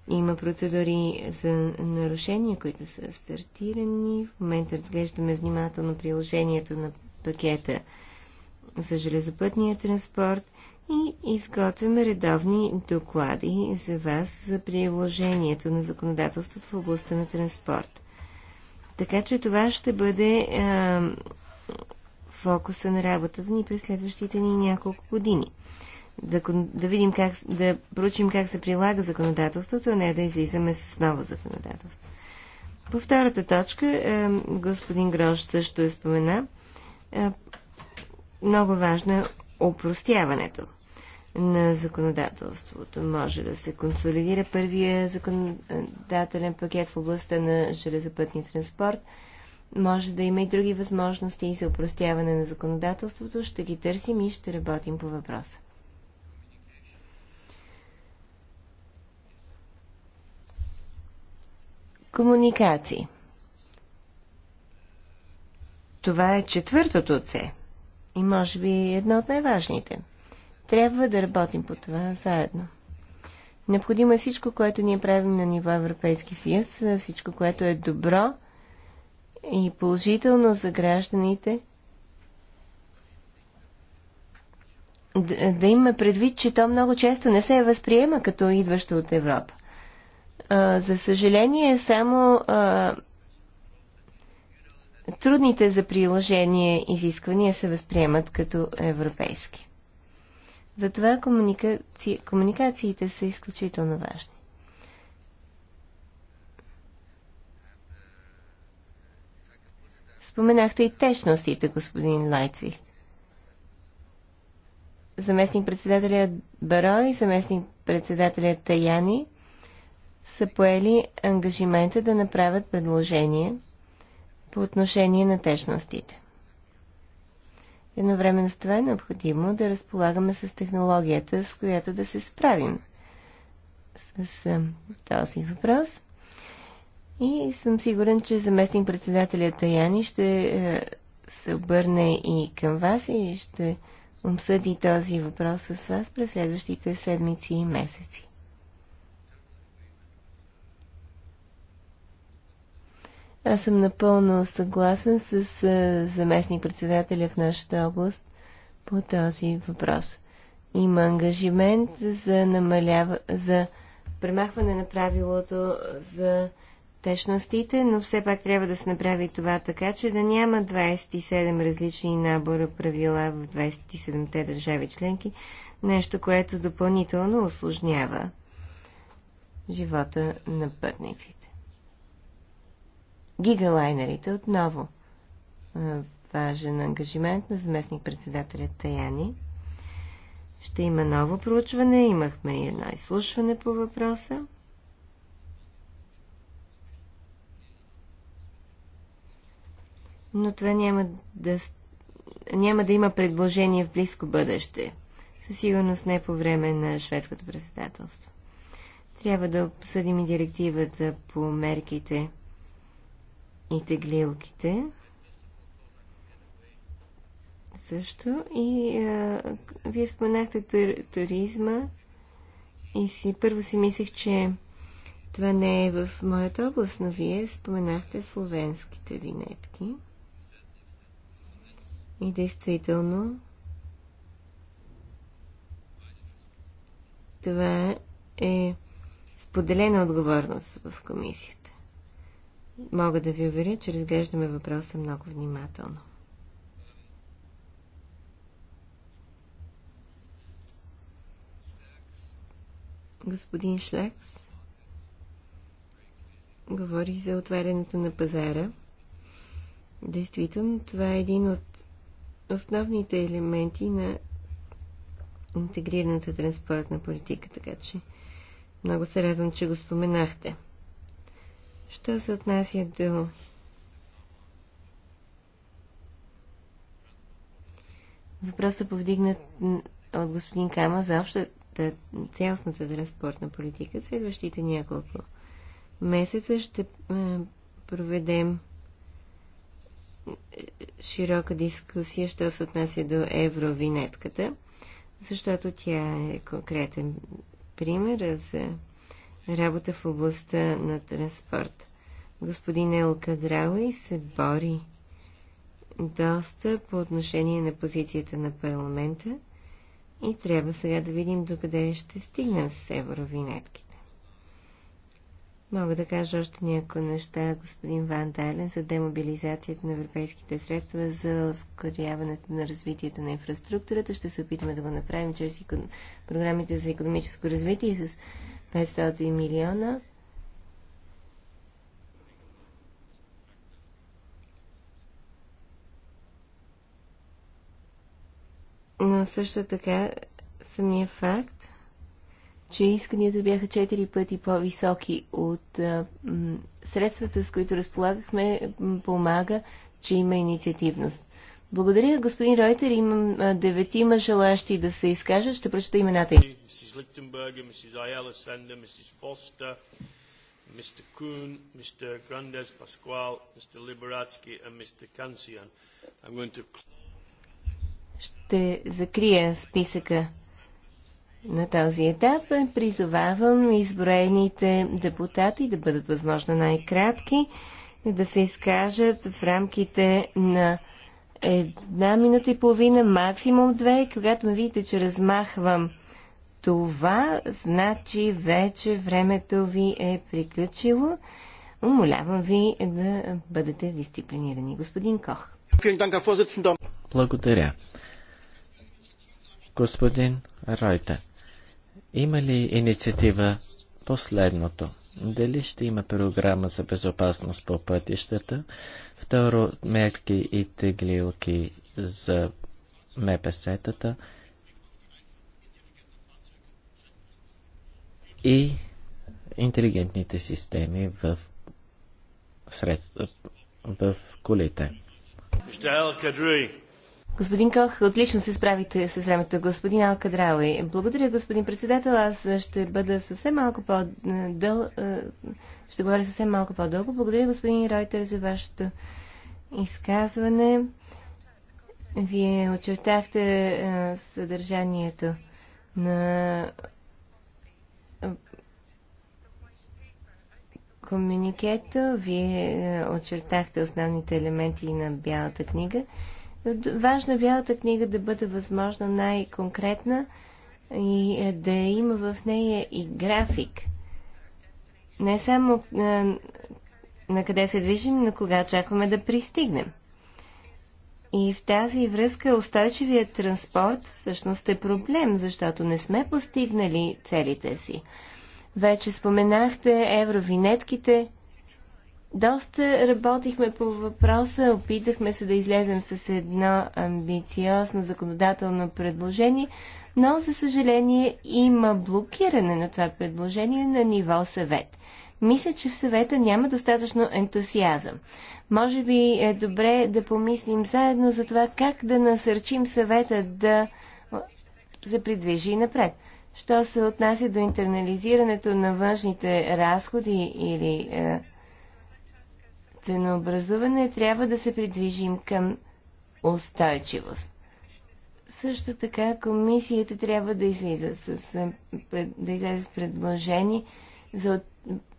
Speaker 1: Има процедури за нарушения, които са стартирани. В момента разглеждаме внимателно приложението на пакета за железопътния транспорт и изготвяме редовни доклади за вас за приложението на законодателството в областта на транспорт. Така че това ще бъде а, фокуса на работата ни през следващите ни няколко години. Да, да видим как, да проучим как се прилага законодателството, а не да излизаме с ново законодателство. По втората точка, а, господин Грош също е спомена, а, много важно е опростяването на законодателството. Може да се консолидира първия законодателен пакет в областта на железопътния транспорт. Може да има и други възможности и за опростяване на законодателството. Ще ги търсим и ще работим по въпроса. Комуникации. Това е четвъртото C и може би една от най-важните. Трябва да работим по това заедно. Необходимо е всичко, което ние правим на ниво Европейски съюз, всичко, което е добро и положително за гражданите, да, да има предвид, че то много често не се възприема като идващо от Европа. А, за съжаление, само а, трудните за приложение изисквания се възприемат като европейски. Затова комуникаци... комуникациите са изключително важни. Споменахте и течностите, господин Лайтвих. Заместник-председателят Баро и заместник-председателят Таяни са поели ангажимента да направят предложение – по отношение на течностите. Едновременно с това е необходимо да разполагаме с технологията, с която да се справим с с този въпрос. И съм сигурен, че заместник председателя Таяни ще е, се обърне и към вас и ще обсъди този въпрос с вас през следващите седмици и месеци. Аз съм напълно съгласен с заместник-председателя в нашата област по този въпрос. Има ангажимент за, намалява, за премахване на правилото за течностите, но все пак трябва да се направи това така, че да няма 27 различни набора правила в 27-те държави членки, нещо, което допълнително осложнява живота на пътниците гигалайнерите отново важен ангажимент на заместник-председателя Таяни. Ще има ново проучване. Имахме и едно изслушване по въпроса. Но това няма да, няма да има предложение в близко бъдеще. Със сигурност не по време на шведското председателство. Трябва да обсъдим и директивата по мерките – и теглилките. Също и а, вие споменахте тур, туризма и си първо си мислех, че това не е в моята област, но вие споменахте словенските винетки. И действително това е споделена отговорност в комисията. Мога да ви уверя, че разглеждаме въпроса много внимателно. Господин Шлекс говори за отварянето на пазара. Действително, това е един от основните елементи на интегрираната транспортна политика, така че много се радвам, че го споменахте. Що се отнася до въпроса повдигнат от господин Кама за общата цялостната транспортна политика, следващите няколко месеца ще е, проведем е, широка дискусия, що се отнася до евровинетката, защото тя е конкретен пример за работа в областта на транспорт. Господин Ел Кадрауи се бори доста по отношение на позицията на парламента и трябва сега да видим докъде ще стигнем с евровинетките. Мога да кажа още някои неща, господин Ван Дайлен, за демобилизацията на европейските средства за ускоряването на развитието на инфраструктурата. Ще се опитаме да го направим чрез програмите за економическо развитие и с 500 милиона. Но също така самия факт, че исканията бяха 4 пъти по-високи от а, средствата, с които разполагахме, помага, че има инициативност. Благодаря, господин Ройтер. Имам деветима желащи да се изкажат. Ще прочета имената им. Мисис Лихтенберг,
Speaker 3: мисис Айела Сенда, мисис Фостер, мистер Кун, мистер Грандес Паскуал, мистер Либерацки и мистер Кансиан.
Speaker 1: Ще закрия списъка на този етап. Призовавам изброените депутати да бъдат възможно най-кратки, да се изкажат в рамките на една минута и половина, максимум две. Когато ме видите, че размахвам това, значи вече времето ви е приключило. Умолявам ви да бъдете дисциплинирани. Господин Кох.
Speaker 2: Благодаря. Господин Ройта, има ли инициатива последното? Дали ще има програма за безопасност по пътищата? Второ, мерки и теглилки за МПС-тата. И интелигентните системи в, средства, в колите. Mr. Kadri.
Speaker 1: Господин Кох, отлично се справите с времето. Господин Алкадрауи, благодаря, господин председател. Аз ще бъда съвсем малко по-дъл... Ще говоря съвсем малко по-дълго. Благодаря, господин Ройтер, за вашето изказване. Вие очертахте съдържанието на комуникето. Вие очертахте основните елементи на Бялата книга. Важно е Бялата книга да бъде възможно най-конкретна и е, да има в нея и график. Не само на, е, на къде се движим, но кога очакваме да пристигнем. И в тази връзка устойчивият транспорт всъщност е проблем, защото не сме постигнали целите си. Вече споменахте евровинетките. Доста работихме по въпроса, опитахме се да излезем с едно амбициозно законодателно предложение, но за съжаление има блокиране на това предложение на ниво съвет. Мисля, че в съвета няма достатъчно ентусиазъм. Може би е добре да помислим заедно за това как да насърчим съвета да се придвижи и напред. Що се отнася до интернализирането на външните разходи или е, ценообразуване, трябва да се придвижим към устойчивост. Също така комисията трябва да излиза с, да излезе с предложение за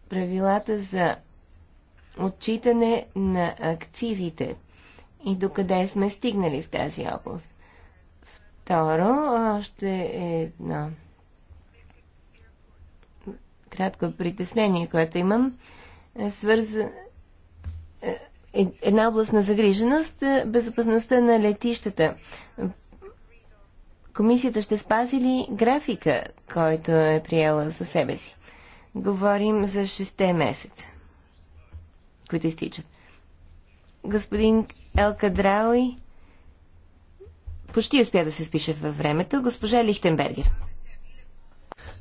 Speaker 1: правилата за отчитане на акцизите и докъде сме стигнали в тази област. Второ, още едно кратко притеснение, което имам, е свързано е, една област на загриженост е – безопасността на летищата. Комисията ще спази ли графика, който е приела за себе си? Говорим за 6 месеца, които изтичат. Господин Елка Драуи почти успя да се спише във времето. Госпожа Лихтенбергер.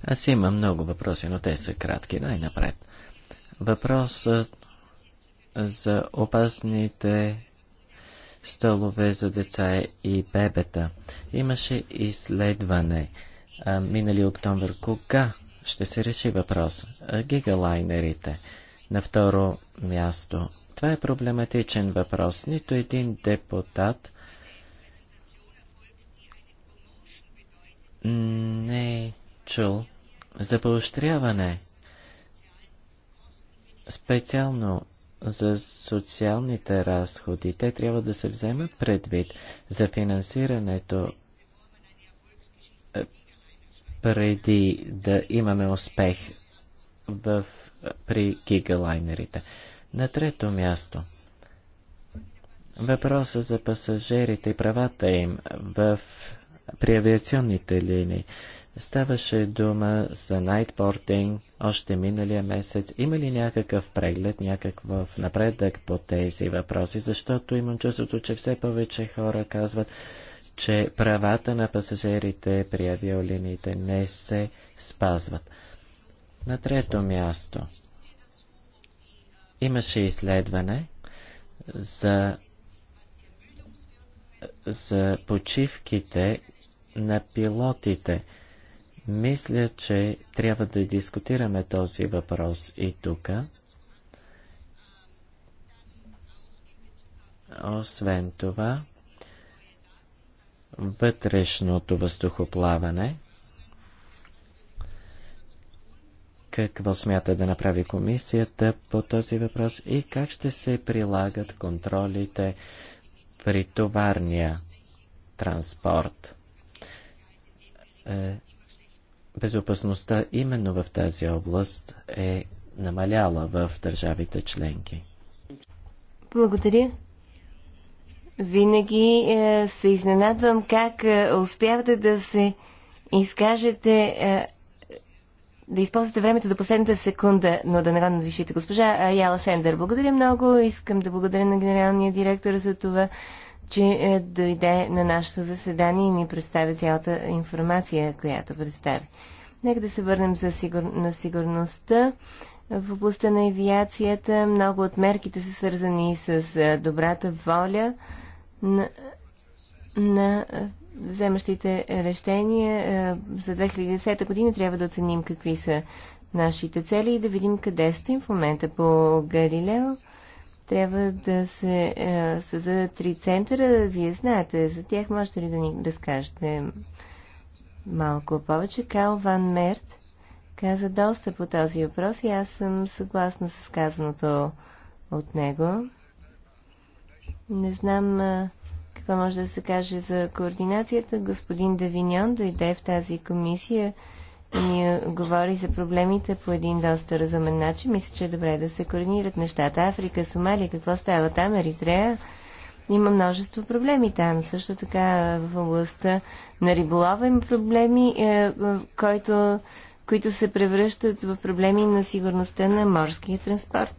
Speaker 2: Аз имам много въпроси, но те са кратки. Най-напред. Въпросът за опасните столове за деца и бебета. Имаше изследване а, минали октомври. Кога ще се реши въпрос? гигалайнерите. На второ място. Това е проблематичен въпрос. Нито един депутат не е чул за поощряване специално за социалните разходи. Те трябва да се вземат предвид за финансирането е, преди да имаме успех в, е, при гигалайнерите. На трето място. Въпроса за пасажирите и правата им в, при авиационните линии. Ставаше дума за найтпортинг, още миналия месец. Има ли някакъв преглед, някакъв напредък по тези въпроси? Защото имам чувството, че все повече хора казват, че правата на пасажирите при авиолиниите не се спазват. На трето място имаше изследване за, за почивките на пилотите – мисля, че трябва да дискутираме този въпрос и тук. Освен това, вътрешното въздухоплаване. Какво смята да направи комисията по този въпрос и как ще се прилагат контролите при товарния транспорт? Е, безопасността именно в тази област е намаляла в държавите членки.
Speaker 1: Благодаря. Винаги е, се изненадвам как е, успявате да се изкажете, е, да използвате времето до последната секунда, но да не го Госпожа Яла Сендер, благодаря много. Искам да благодаря на генералния директор за това, че е, дойде на нашето заседание и ни представи цялата информация, която представи. Нека да се върнем за сигур... на сигурността. В областта на авиацията много от мерките са свързани с е, добрата воля на, на е, вземащите решения. За 2010 година трябва да оценим какви са нашите цели и да видим къде стоим в момента по Галилео трябва да се е, създадат три центъра. Вие знаете, за тях можете ли да ни разкажете малко повече? Кал Ван Мерт каза доста по този въпрос и аз съм съгласна с казаното от него. Не знам е, какво може да се каже за координацията. Господин Давиньон дойде в тази комисия ни говори за проблемите по един доста разумен начин. Мисля, че е добре да се координират нещата. Африка, Сомалия, какво става там, Еритрея? Има множество проблеми там. Също така в областта на риболова има проблеми, е, е, който, които се превръщат в проблеми на сигурността на морския транспорт.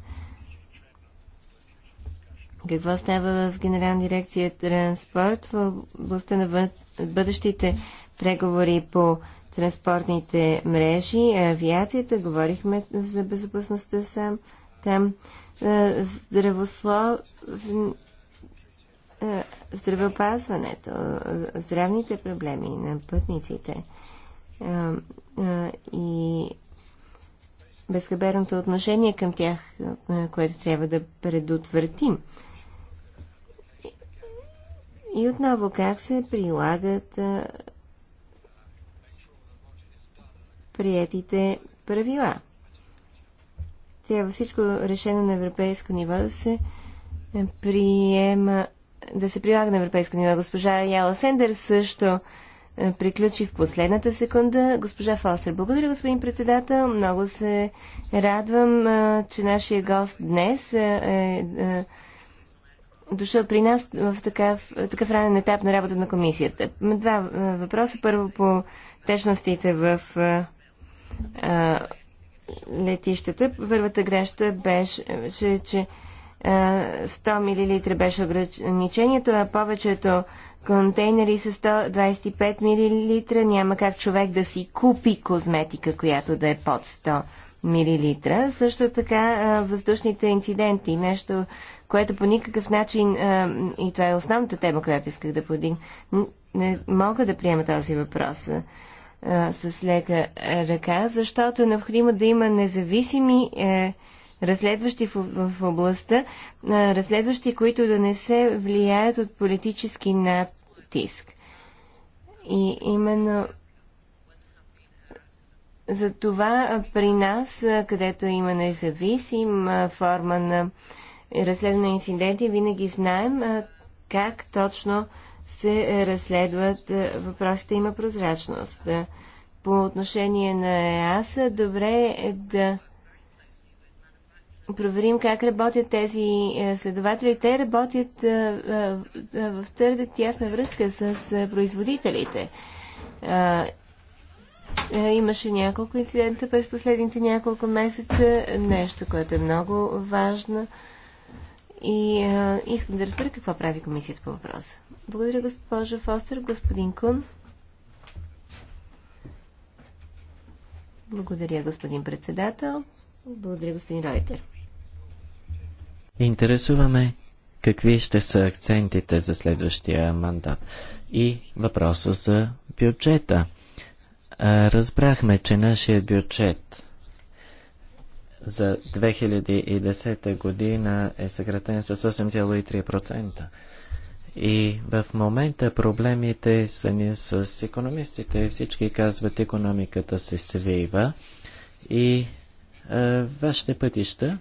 Speaker 1: Какво става в Генерална дирекция транспорт в областта на бъдещите преговори по транспортните мрежи, авиацията, говорихме за безопасността сам, там, здравослов, здравеопазването, здравните проблеми на пътниците и безхаберното отношение към тях, което трябва да предотвратим. И отново как се прилагат приетите правила. Тя във всичко решено на европейско ниво да се е, приема, да се прилага на европейско ниво. Госпожа Яла Сендер също е, приключи в последната секунда. Госпожа Фостер, благодаря, господин председател. Много се радвам, е, че нашия гост днес е дошъл при нас в такъв, такъв ранен етап на работа на комисията. Два въпроса. Първо по течностите в а, летищата. Първата грешка беше, че, 100 мл беше ограничението, а повечето контейнери с 125 мл няма как човек да си купи козметика, която да е под 100 милилитра. Също така въздушните инциденти, нещо, което по никакъв начин, и това е основната тема, която исках да подигна, не мога да приема този въпрос а, с лека ръка, защото е необходимо да има независими е, разследващи в, в областта, а, разследващи, които да не се влияят от политически натиск. И именно за това при нас, където има независима форма на разследване инциденти, винаги знаем как точно се разследват е, въпросите, има прозрачност. Е, по отношение на ЕАСА, добре е да проверим как работят тези е, следователи. Те работят в твърде тясна връзка с производителите. Имаше няколко инцидента през последните няколко месеца, нещо, което е много важно. И искам да разбера какво прави комисията по въпроса. Благодаря, госпожа Фостер. Господин Кун. Благодаря, господин председател. Благодаря, господин Ройтер.
Speaker 2: Интересуваме какви ще са акцентите за следващия мандат и въпроса за бюджета. Разбрахме, че нашия бюджет за 2010 година е съкратен с 8,3%. И в момента проблемите са ни с економистите. Всички казват, економиката се свива и е, вашите пътища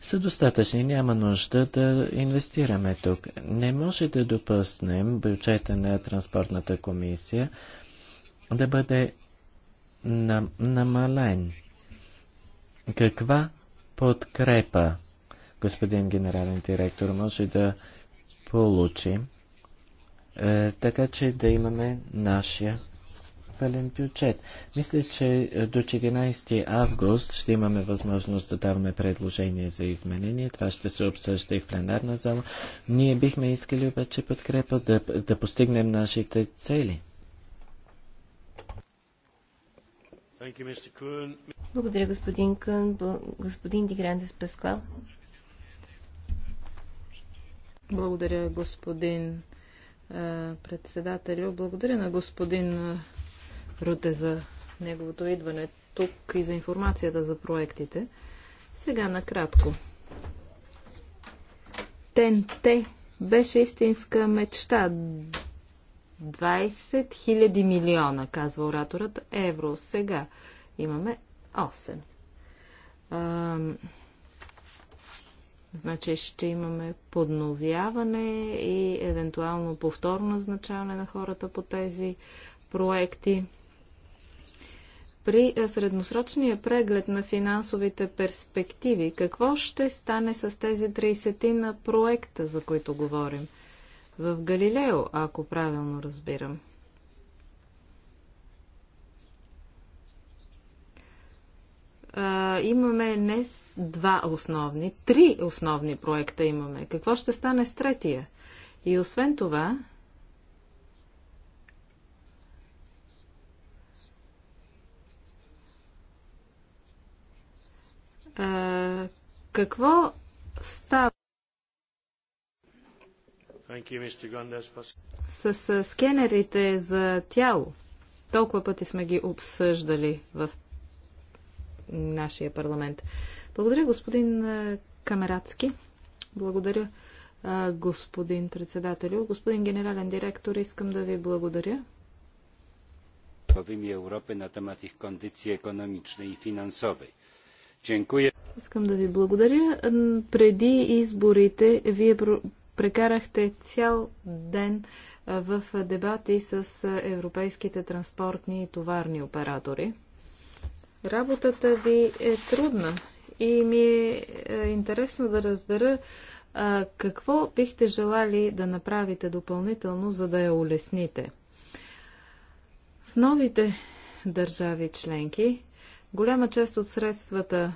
Speaker 2: са достатъчни. Няма нужда да инвестираме тук. Не може да допуснем бюджета на Транспортната комисия да бъде нам- намален. Каква подкрепа, господин генерален директор, може да получи, е, така че да имаме нашия пълен бюджет. Мисля, че е, до 14 август ще имаме възможност да даваме предложение за изменение. Това ще се обсъжда и в пленарна зала. Ние бихме искали обаче подкрепа да, да постигнем нашите цели.
Speaker 1: Благодаря, господин Кън. Господин Диграндес Пасквал.
Speaker 3: Благодаря, господин председателю. Благодаря на господин Руте за неговото идване тук и за информацията за проектите. Сега накратко. ТНТ беше истинска мечта. 20 000 милиона, казва ораторът, евро. Сега имаме 8. Значи ще имаме подновяване и евентуално повторно назначаване на хората по тези проекти. При средносрочния преглед на финансовите перспективи, какво ще стане с тези 30 на проекта, за които говорим? В Галилео, ако правилно разбирам. имаме не два основни, три основни проекта имаме. Какво ще стане с третия? И освен това, какво става с скенерите за тяло? Толкова пъти сме ги обсъждали в нашия парламент. Благодаря, господин Камерацки. Благодаря, господин председателю. Господин генерален директор, искам да ви благодаря.
Speaker 2: Повими Европе на temat их кондиции економични и финансови. Dziękuję.
Speaker 3: Искам да ви благодаря. Преди изборите вие прекарахте цял
Speaker 2: ден
Speaker 3: в дебати с европейските транспортни и товарни оператори. Работата ви е трудна и ми е, е интересно да разбера а, какво бихте желали да направите допълнително, за да я улесните. В новите държави членки голяма част от средствата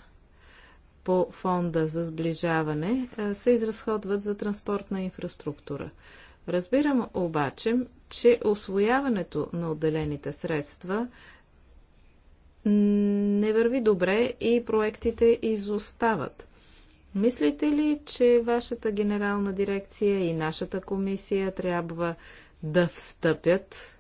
Speaker 3: по фонда за сближаване се изразходват за транспортна инфраструктура. Разбирам обаче, че освояването на отделените средства не върви добре и проектите изостават. Мислите ли, че вашата генерална дирекция и нашата комисия трябва да встъпят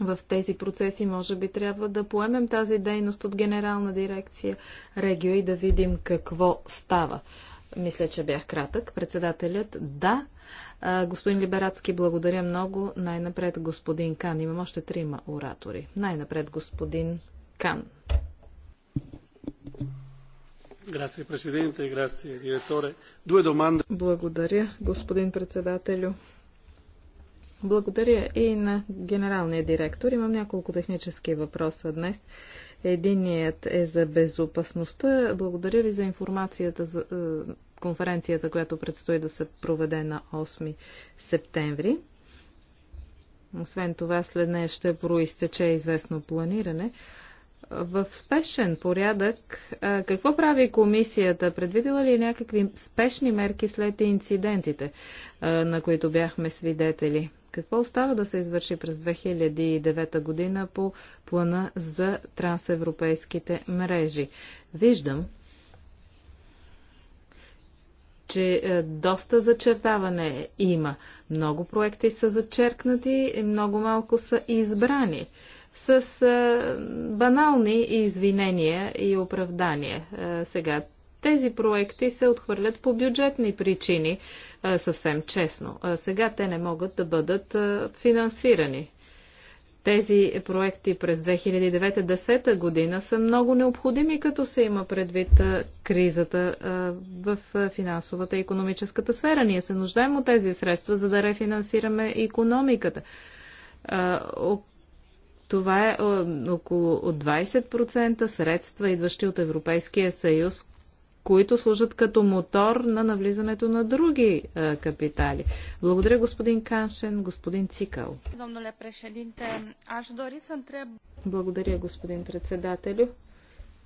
Speaker 3: в тези процеси? Може би трябва да поемем тази дейност от генерална дирекция Регио и да видим какво става. Мисля, че бях кратък. Председателят, да. А, господин Либерацки, благодаря много. Най-напред господин Кан. Имам още трима оратори. Най-напред господин Кан.
Speaker 2: Грация, президенте, грация, директоре. Дуе доманда. Благодаря,
Speaker 3: господин председателю. Благодаря и на генералния директор. Имам няколко технически въпроса днес. Единият е за безопасността. Благодаря ви за информацията за е, конференцията, която предстои да се проведе на 8 септември. Освен това, след нея ще проистече известно планиране. В спешен порядък, е, какво прави комисията? Предвидила ли е някакви спешни мерки след инцидентите, е, на които бяхме свидетели? Какво остава да се извърши през 2009 година по плана за трансевропейските мрежи? Виждам, че е, доста зачертаване има. Много проекти са зачеркнати много малко са избрани с е, банални извинения и оправдания. Е, сега тези проекти се отхвърлят по бюджетни причини, съвсем честно. Сега те не могат да бъдат финансирани. Тези проекти през 2009-2010 година са много необходими, като се има предвид кризата в финансовата и економическата сфера. Ние се нуждаем от тези средства, за да рефинансираме економиката. Това е около 20% средства, идващи от Европейския съюз, които служат като мотор на навлизането на други е, капитали. Благодаря господин Каншен, господин Цикал. Благодаря господин председателю.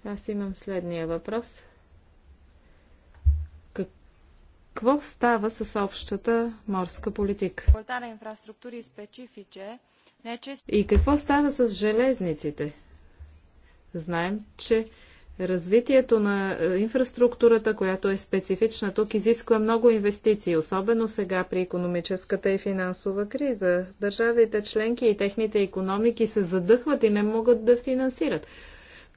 Speaker 3: Аз имам следния въпрос. Какво става с общата морска политика? И какво става с железниците? Знаем, че Развитието на е, инфраструктурата, която е специфична тук, изисква много инвестиции, особено сега при економическата и финансова криза. Държавите членки и техните економики се задъхват и не могат да финансират.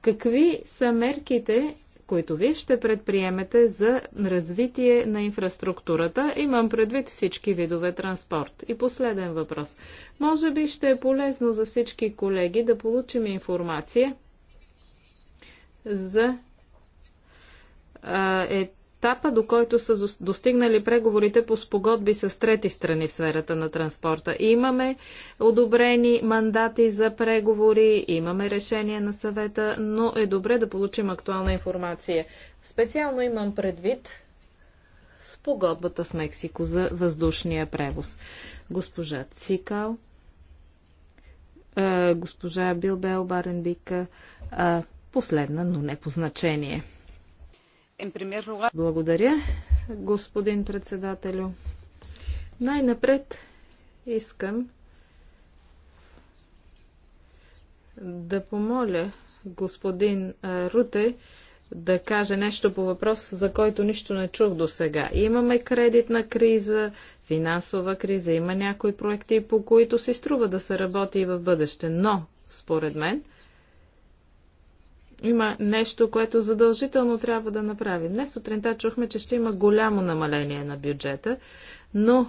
Speaker 3: Какви са мерките, които вие ще предприемете за развитие на инфраструктурата? Имам предвид всички видове транспорт. И последен въпрос. Може би ще е полезно за всички колеги да получим информация – за етапа, до който са достигнали преговорите по спогодби с трети страни в сферата на транспорта. Имаме одобрени мандати за преговори, имаме решение на съвета, но е добре да получим актуална информация. Специално имам предвид спогодбата с Мексико за въздушния превоз. Госпожа Цикал, госпожа Билбел Баренбика, последна, но не по значение. Благодаря, господин председателю. Най-напред искам да помоля господин Руте да каже нещо по въпрос, за който нищо не чух до сега. Имаме кредитна криза, финансова криза, има някои проекти, по които си струва да се работи и в бъдеще, но, според мен, има нещо, което задължително трябва да направим. Днес сутринта чухме, че ще има голямо намаление на бюджета, но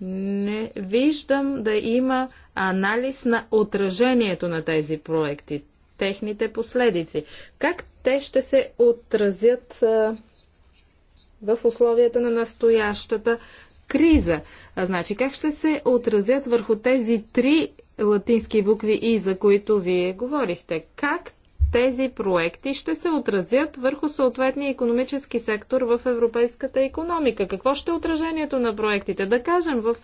Speaker 3: не виждам да има анализ на отражението на тези проекти, техните последици. Как те ще се отразят в условията на настоящата криза? А, значи, как ще се отразят върху тези три латински букви И, за които вие говорихте? Как тези проекти ще се отразят върху съответния економически сектор в европейската економика. Какво ще е отражението на проектите? Да кажем в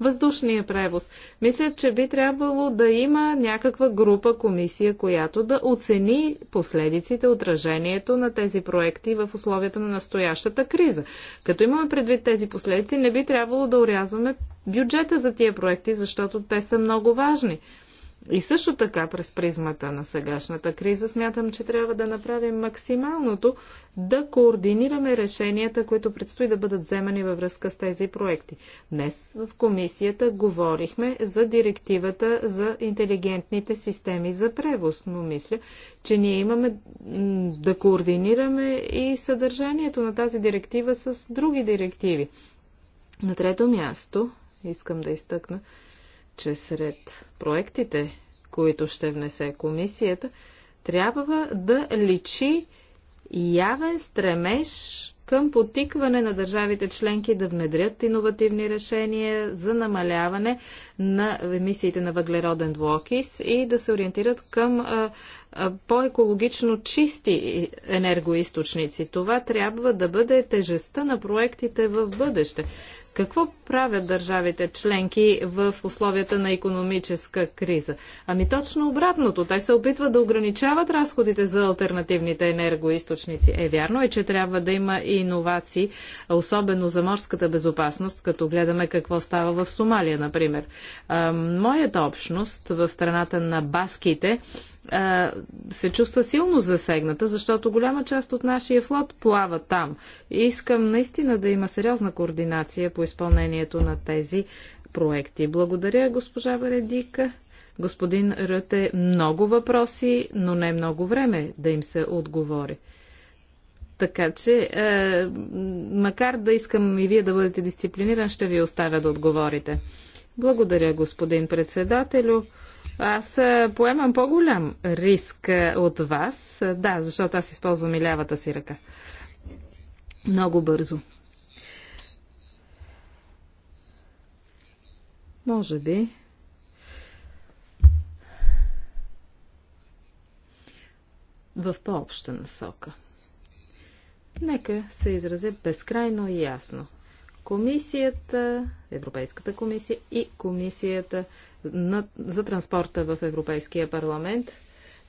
Speaker 3: въздушния превоз. Мисля, че би трябвало да има някаква група комисия, която да оцени последиците, отражението на тези проекти в условията на настоящата криза. Като имаме предвид тези последици, не би трябвало да урязваме бюджета за тия проекти, защото те са много важни. И също така през призмата на сегашната криза смятам, че трябва да направим максималното да координираме решенията, които предстои да бъдат вземани във връзка с тези проекти. Днес в комисията говорихме за директивата за интелигентните системи за превоз, но мисля, че ние имаме да координираме и съдържанието на тази директива с други директиви. На трето място искам да изтъкна, че сред проектите, които ще внесе комисията, трябва да личи явен стремеж към потикване на държавите членки да внедрят иновативни решения за намаляване на емисиите на въглероден двуокис и да се ориентират към по-екологично чисти енергоисточници. Това трябва да бъде тежестта на проектите в бъдеще. Какво правят държавите членки в условията на економическа криза? Ами точно обратното. Те се опитват да ограничават разходите за альтернативните енергоисточници. Е вярно е, че трябва да има и иновации, особено за морската безопасност, като гледаме какво става в Сомалия, например. моята общност в страната на баските се чувства силно засегната, защото голяма част от нашия флот плава там. И искам наистина да има сериозна координация по изпълнението на тези проекти. Благодаря, госпожа Варедика. Господин Ръте, много въпроси, но не много време да им се отговори. Така че, е, макар да искам и вие да бъдете дисциплиниран, ще ви оставя да отговорите. Благодаря, господин председателю. Аз поемам по-голям риск от вас. Да, защото аз използвам и лявата си ръка. Много бързо. Може би. В по-обща насока. Нека се изразя безкрайно ясно. Комисията, Европейската комисия и комисията на, за транспорта в Европейския парламент,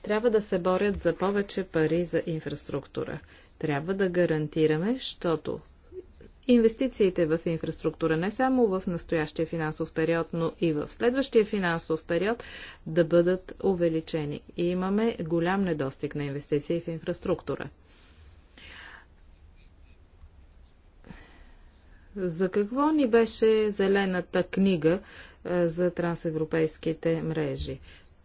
Speaker 3: трябва да се борят за повече пари за инфраструктура. Трябва да гарантираме, защото инвестициите в инфраструктура не само в настоящия финансов период, но и в следващия финансов период да бъдат увеличени. И имаме голям недостиг на инвестиции в инфраструктура. За какво ни беше зелената книга е, за трансевропейските мрежи?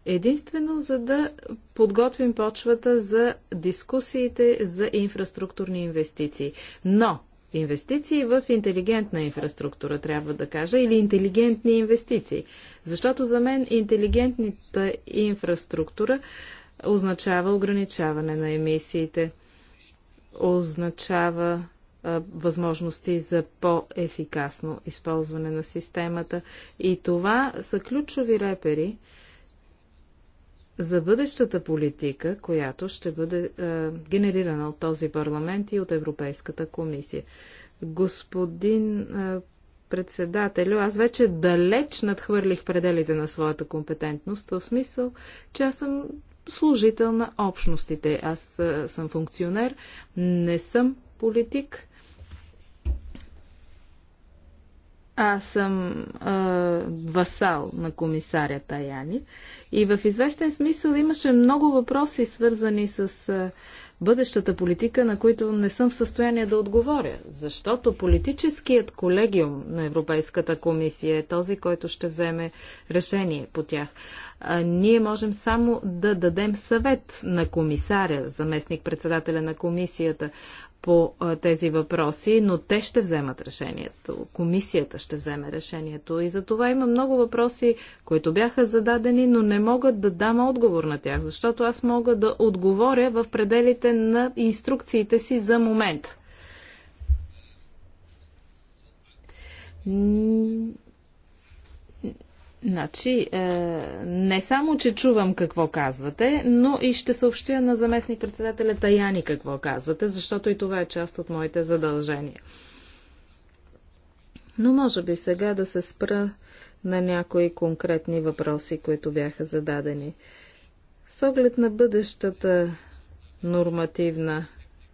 Speaker 3: Единствено за да подготвим почвата за дискусиите за инфраструктурни инвестиции. Но инвестиции в интелигентна инфраструктура, трябва да кажа, или интелигентни инвестиции. Защото за мен интелигентната инфраструктура означава ограничаване на емисиите, означава възможности за по-ефикасно използване на системата. И това са ключови репери за бъдещата политика, която ще бъде е, генерирана от този парламент и от Европейската комисия. Господин е, председателю, аз вече далеч надхвърлих пределите на своята компетентност, в смисъл, че аз съм служител на общностите. Аз е, съм функционер, не съм политик Аз съм а, васал на комисаря Таяни и в известен смисъл имаше много въпроси, свързани с а, бъдещата политика, на които не съм в състояние да отговоря, защото политическият колегиум на Европейската комисия е този, който ще вземе решение по тях. А, ние можем само да дадем съвет на комисаря, заместник-председателя на комисията, по тези въпроси, но те ще вземат решението. Комисията ще вземе решението. И за това има много въпроси, които бяха зададени, но не могат да дам отговор на тях, защото аз мога да отговоря в пределите на инструкциите си за момент. Значи, е, не само, че чувам какво казвате, но и ще съобщя на заместник председателя Таяни какво казвате, защото и това е част от моите задължения. Но може би сега да се спра на някои конкретни въпроси, които бяха зададени. С оглед на бъдещата нормативна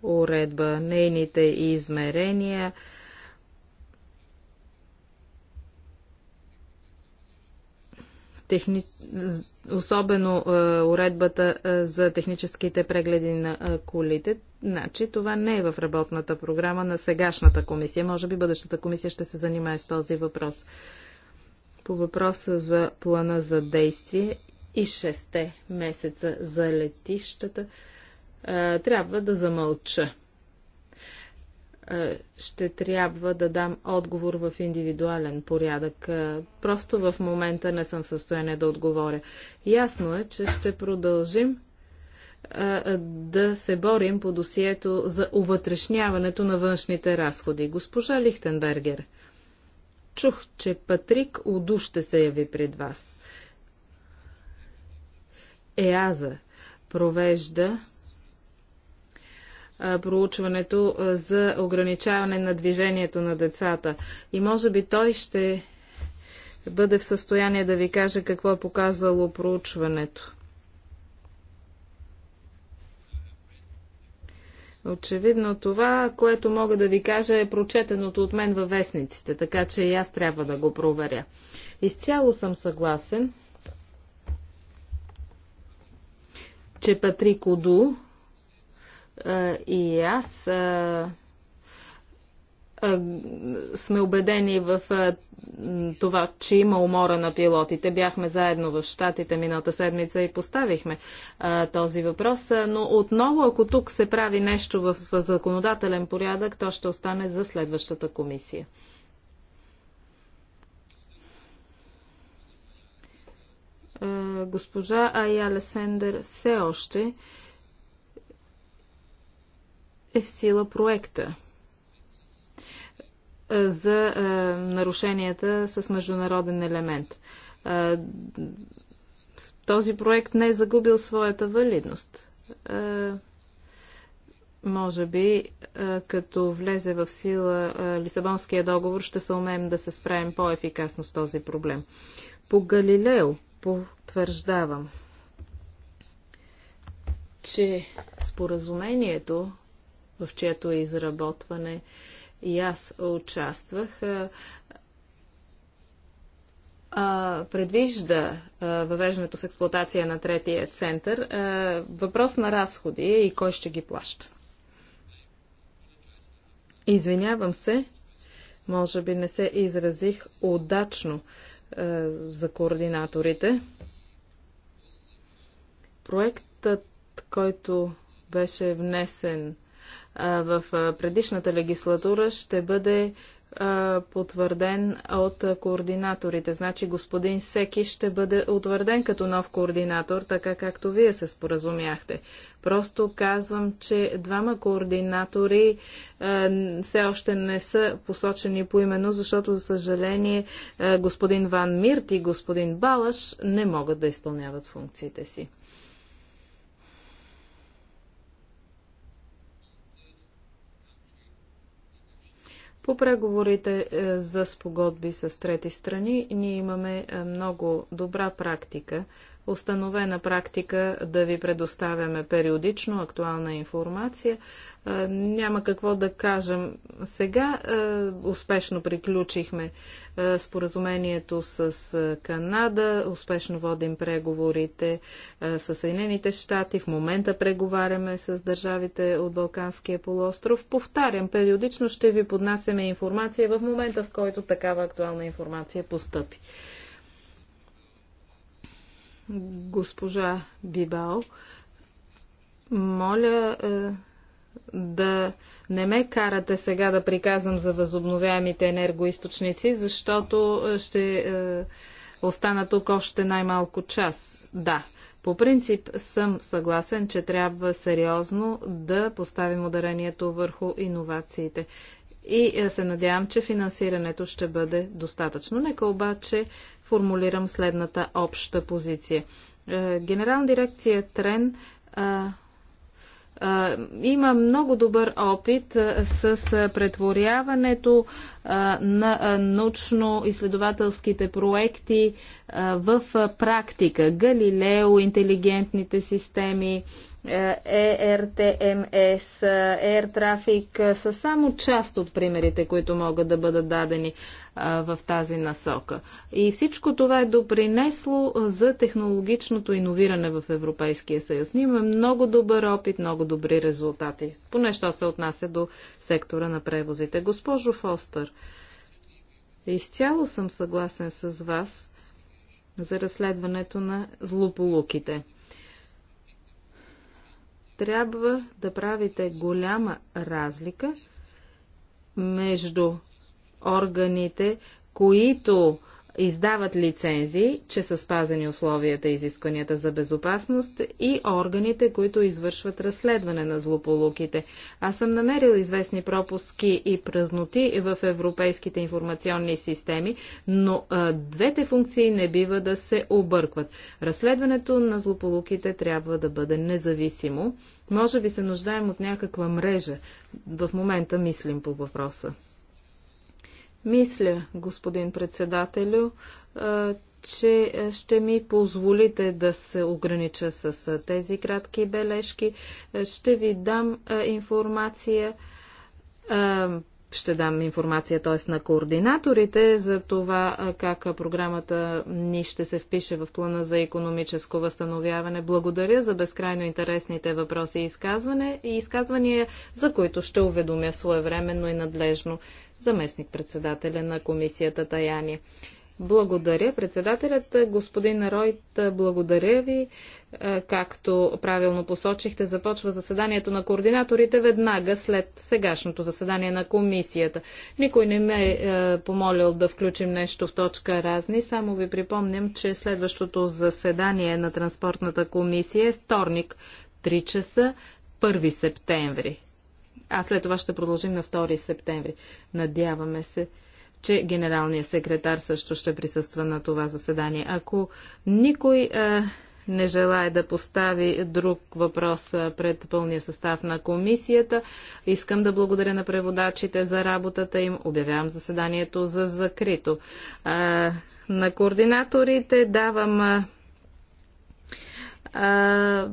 Speaker 3: уредба, нейните измерения, техни... особено е, уредбата е, за техническите прегледи на е, колите. Значи това не е в работната програма на сегашната комисия. Може би бъдещата комисия ще се занимае с този въпрос. По въпроса за плана за действие и шесте месеца за летищата, е, трябва да замълча. Е, ще трябва да дам отговор в индивидуален порядък. Е, просто в момента не съм в състояние да отговоря. Ясно е, че ще продължим е, да се борим по досието за увътрешняването на външните разходи. Госпожа Лихтенбергер, чух, че Патрик Уду ще се яви пред вас. ЕАЗа провежда проучването за ограничаване на движението на децата. И може би той ще бъде в състояние да ви каже какво е показало проучването. Очевидно това, което мога да ви кажа е прочетеното от мен във вестниците, така че и аз трябва да го проверя. Изцяло съм съгласен, че Патрик Оду и аз сме убедени в това, че има умора на пилотите. Бяхме заедно в Штатите миналата седмица и поставихме а, този въпрос. Но отново, ако тук се прави нещо в законодателен порядък, то ще остане за следващата комисия. А, госпожа Айя Сендер все още е в сила проекта е, за е, нарушенията с международен елемент. Е, този проект не е загубил своята валидност. Може би, като влезе в сила Лисабонския договор, ще се умеем да се справим по-ефикасно с този проблем. По Галилео потвърждавам, че споразумението в чието изработване и аз участвах, а, предвижда а, въвеждането в експлуатация на третия център. А, въпрос на разходи е и кой ще ги плаща. Извинявам се, може би не се изразих удачно а, за координаторите. Проектът, който беше внесен в предишната легислатура ще бъде потвърден от координаторите. Значи господин Секи ще бъде утвърден като нов координатор, така както вие се споразумяхте. Просто казвам, че двама координатори е, все още не са посочени по именно, защото, за съжаление, е, господин Ван Мирт и господин Балаш не могат да изпълняват функциите си. По преговорите е, за спогодби с трети страни ние имаме е, много добра практика, установена практика да ви предоставяме периодично актуална информация, няма какво да кажем. Сега успешно приключихме споразумението с Канада, успешно водим преговорите с Съединените щати, в момента преговаряме с държавите от Балканския полуостров. Повтарям, периодично ще ви поднасяме информация в момента, в който такава актуална информация постъпи. Госпожа Бибао, моля да не ме карате сега да приказвам за възобновяемите енергоисточници, защото е, ще е, остана тук още най-малко час. Да, по принцип съм съгласен, че трябва сериозно да поставим ударението върху иновациите. И е, се надявам, че финансирането ще бъде достатъчно. Нека обаче формулирам следната обща позиция. Е, Генерална дирекция Трен има много добър опит с претворяването на научно-изследователските проекти в практика. Галилео, интелигентните системи, ERTMS, Air Traffic са само част от примерите, които могат да бъдат дадени в тази насока. И всичко това е допринесло за технологичното иновиране в Европейския съюз. Ние имаме много добър опит, много добри резултати, поне що се отнася до сектора на превозите. Госпожо Фостър, изцяло съм съгласен с вас, за разследването на злополуките. Трябва да правите голяма разлика между органите, които издават лицензии, че са спазени условията и изискванията за безопасност и органите, които извършват разследване на злополуките. Аз съм намерил известни пропуски и празноти в европейските информационни системи, но а, двете функции не бива да се объркват. Разследването на злополуките трябва да бъде независимо. Може би се нуждаем от някаква мрежа. В момента мислим по въпроса. Мисля, господин председателю, че ще ми позволите да се огранича с тези кратки бележки. Ще ви дам информация ще дам информация, т.е. на координаторите за това как програмата ни ще се впише в плана за економическо възстановяване. Благодаря за безкрайно интересните въпроси и изказване и изказвания, за които ще уведомя своевременно и надлежно заместник-председателя на комисията Таяни. Благодаря, председателят. Е, господин Ройт, е, благодаря ви. Е, както правилно посочихте, започва заседанието на координаторите веднага след сегашното заседание на комисията. Никой не ме е помолил да включим нещо в точка разни. Само ви припомням, че следващото заседание на Транспортната комисия е вторник, 3 часа, 1 септември а след това ще продължим на 2 септември. Надяваме се, че генералният секретар също ще присъства на това заседание. Ако никой а, е, не желая да постави друг въпрос е, пред пълния състав на комисията. Искам да благодаря на преводачите за работата им. Обявявам заседанието за закрито. А, е, на координаторите давам а, а,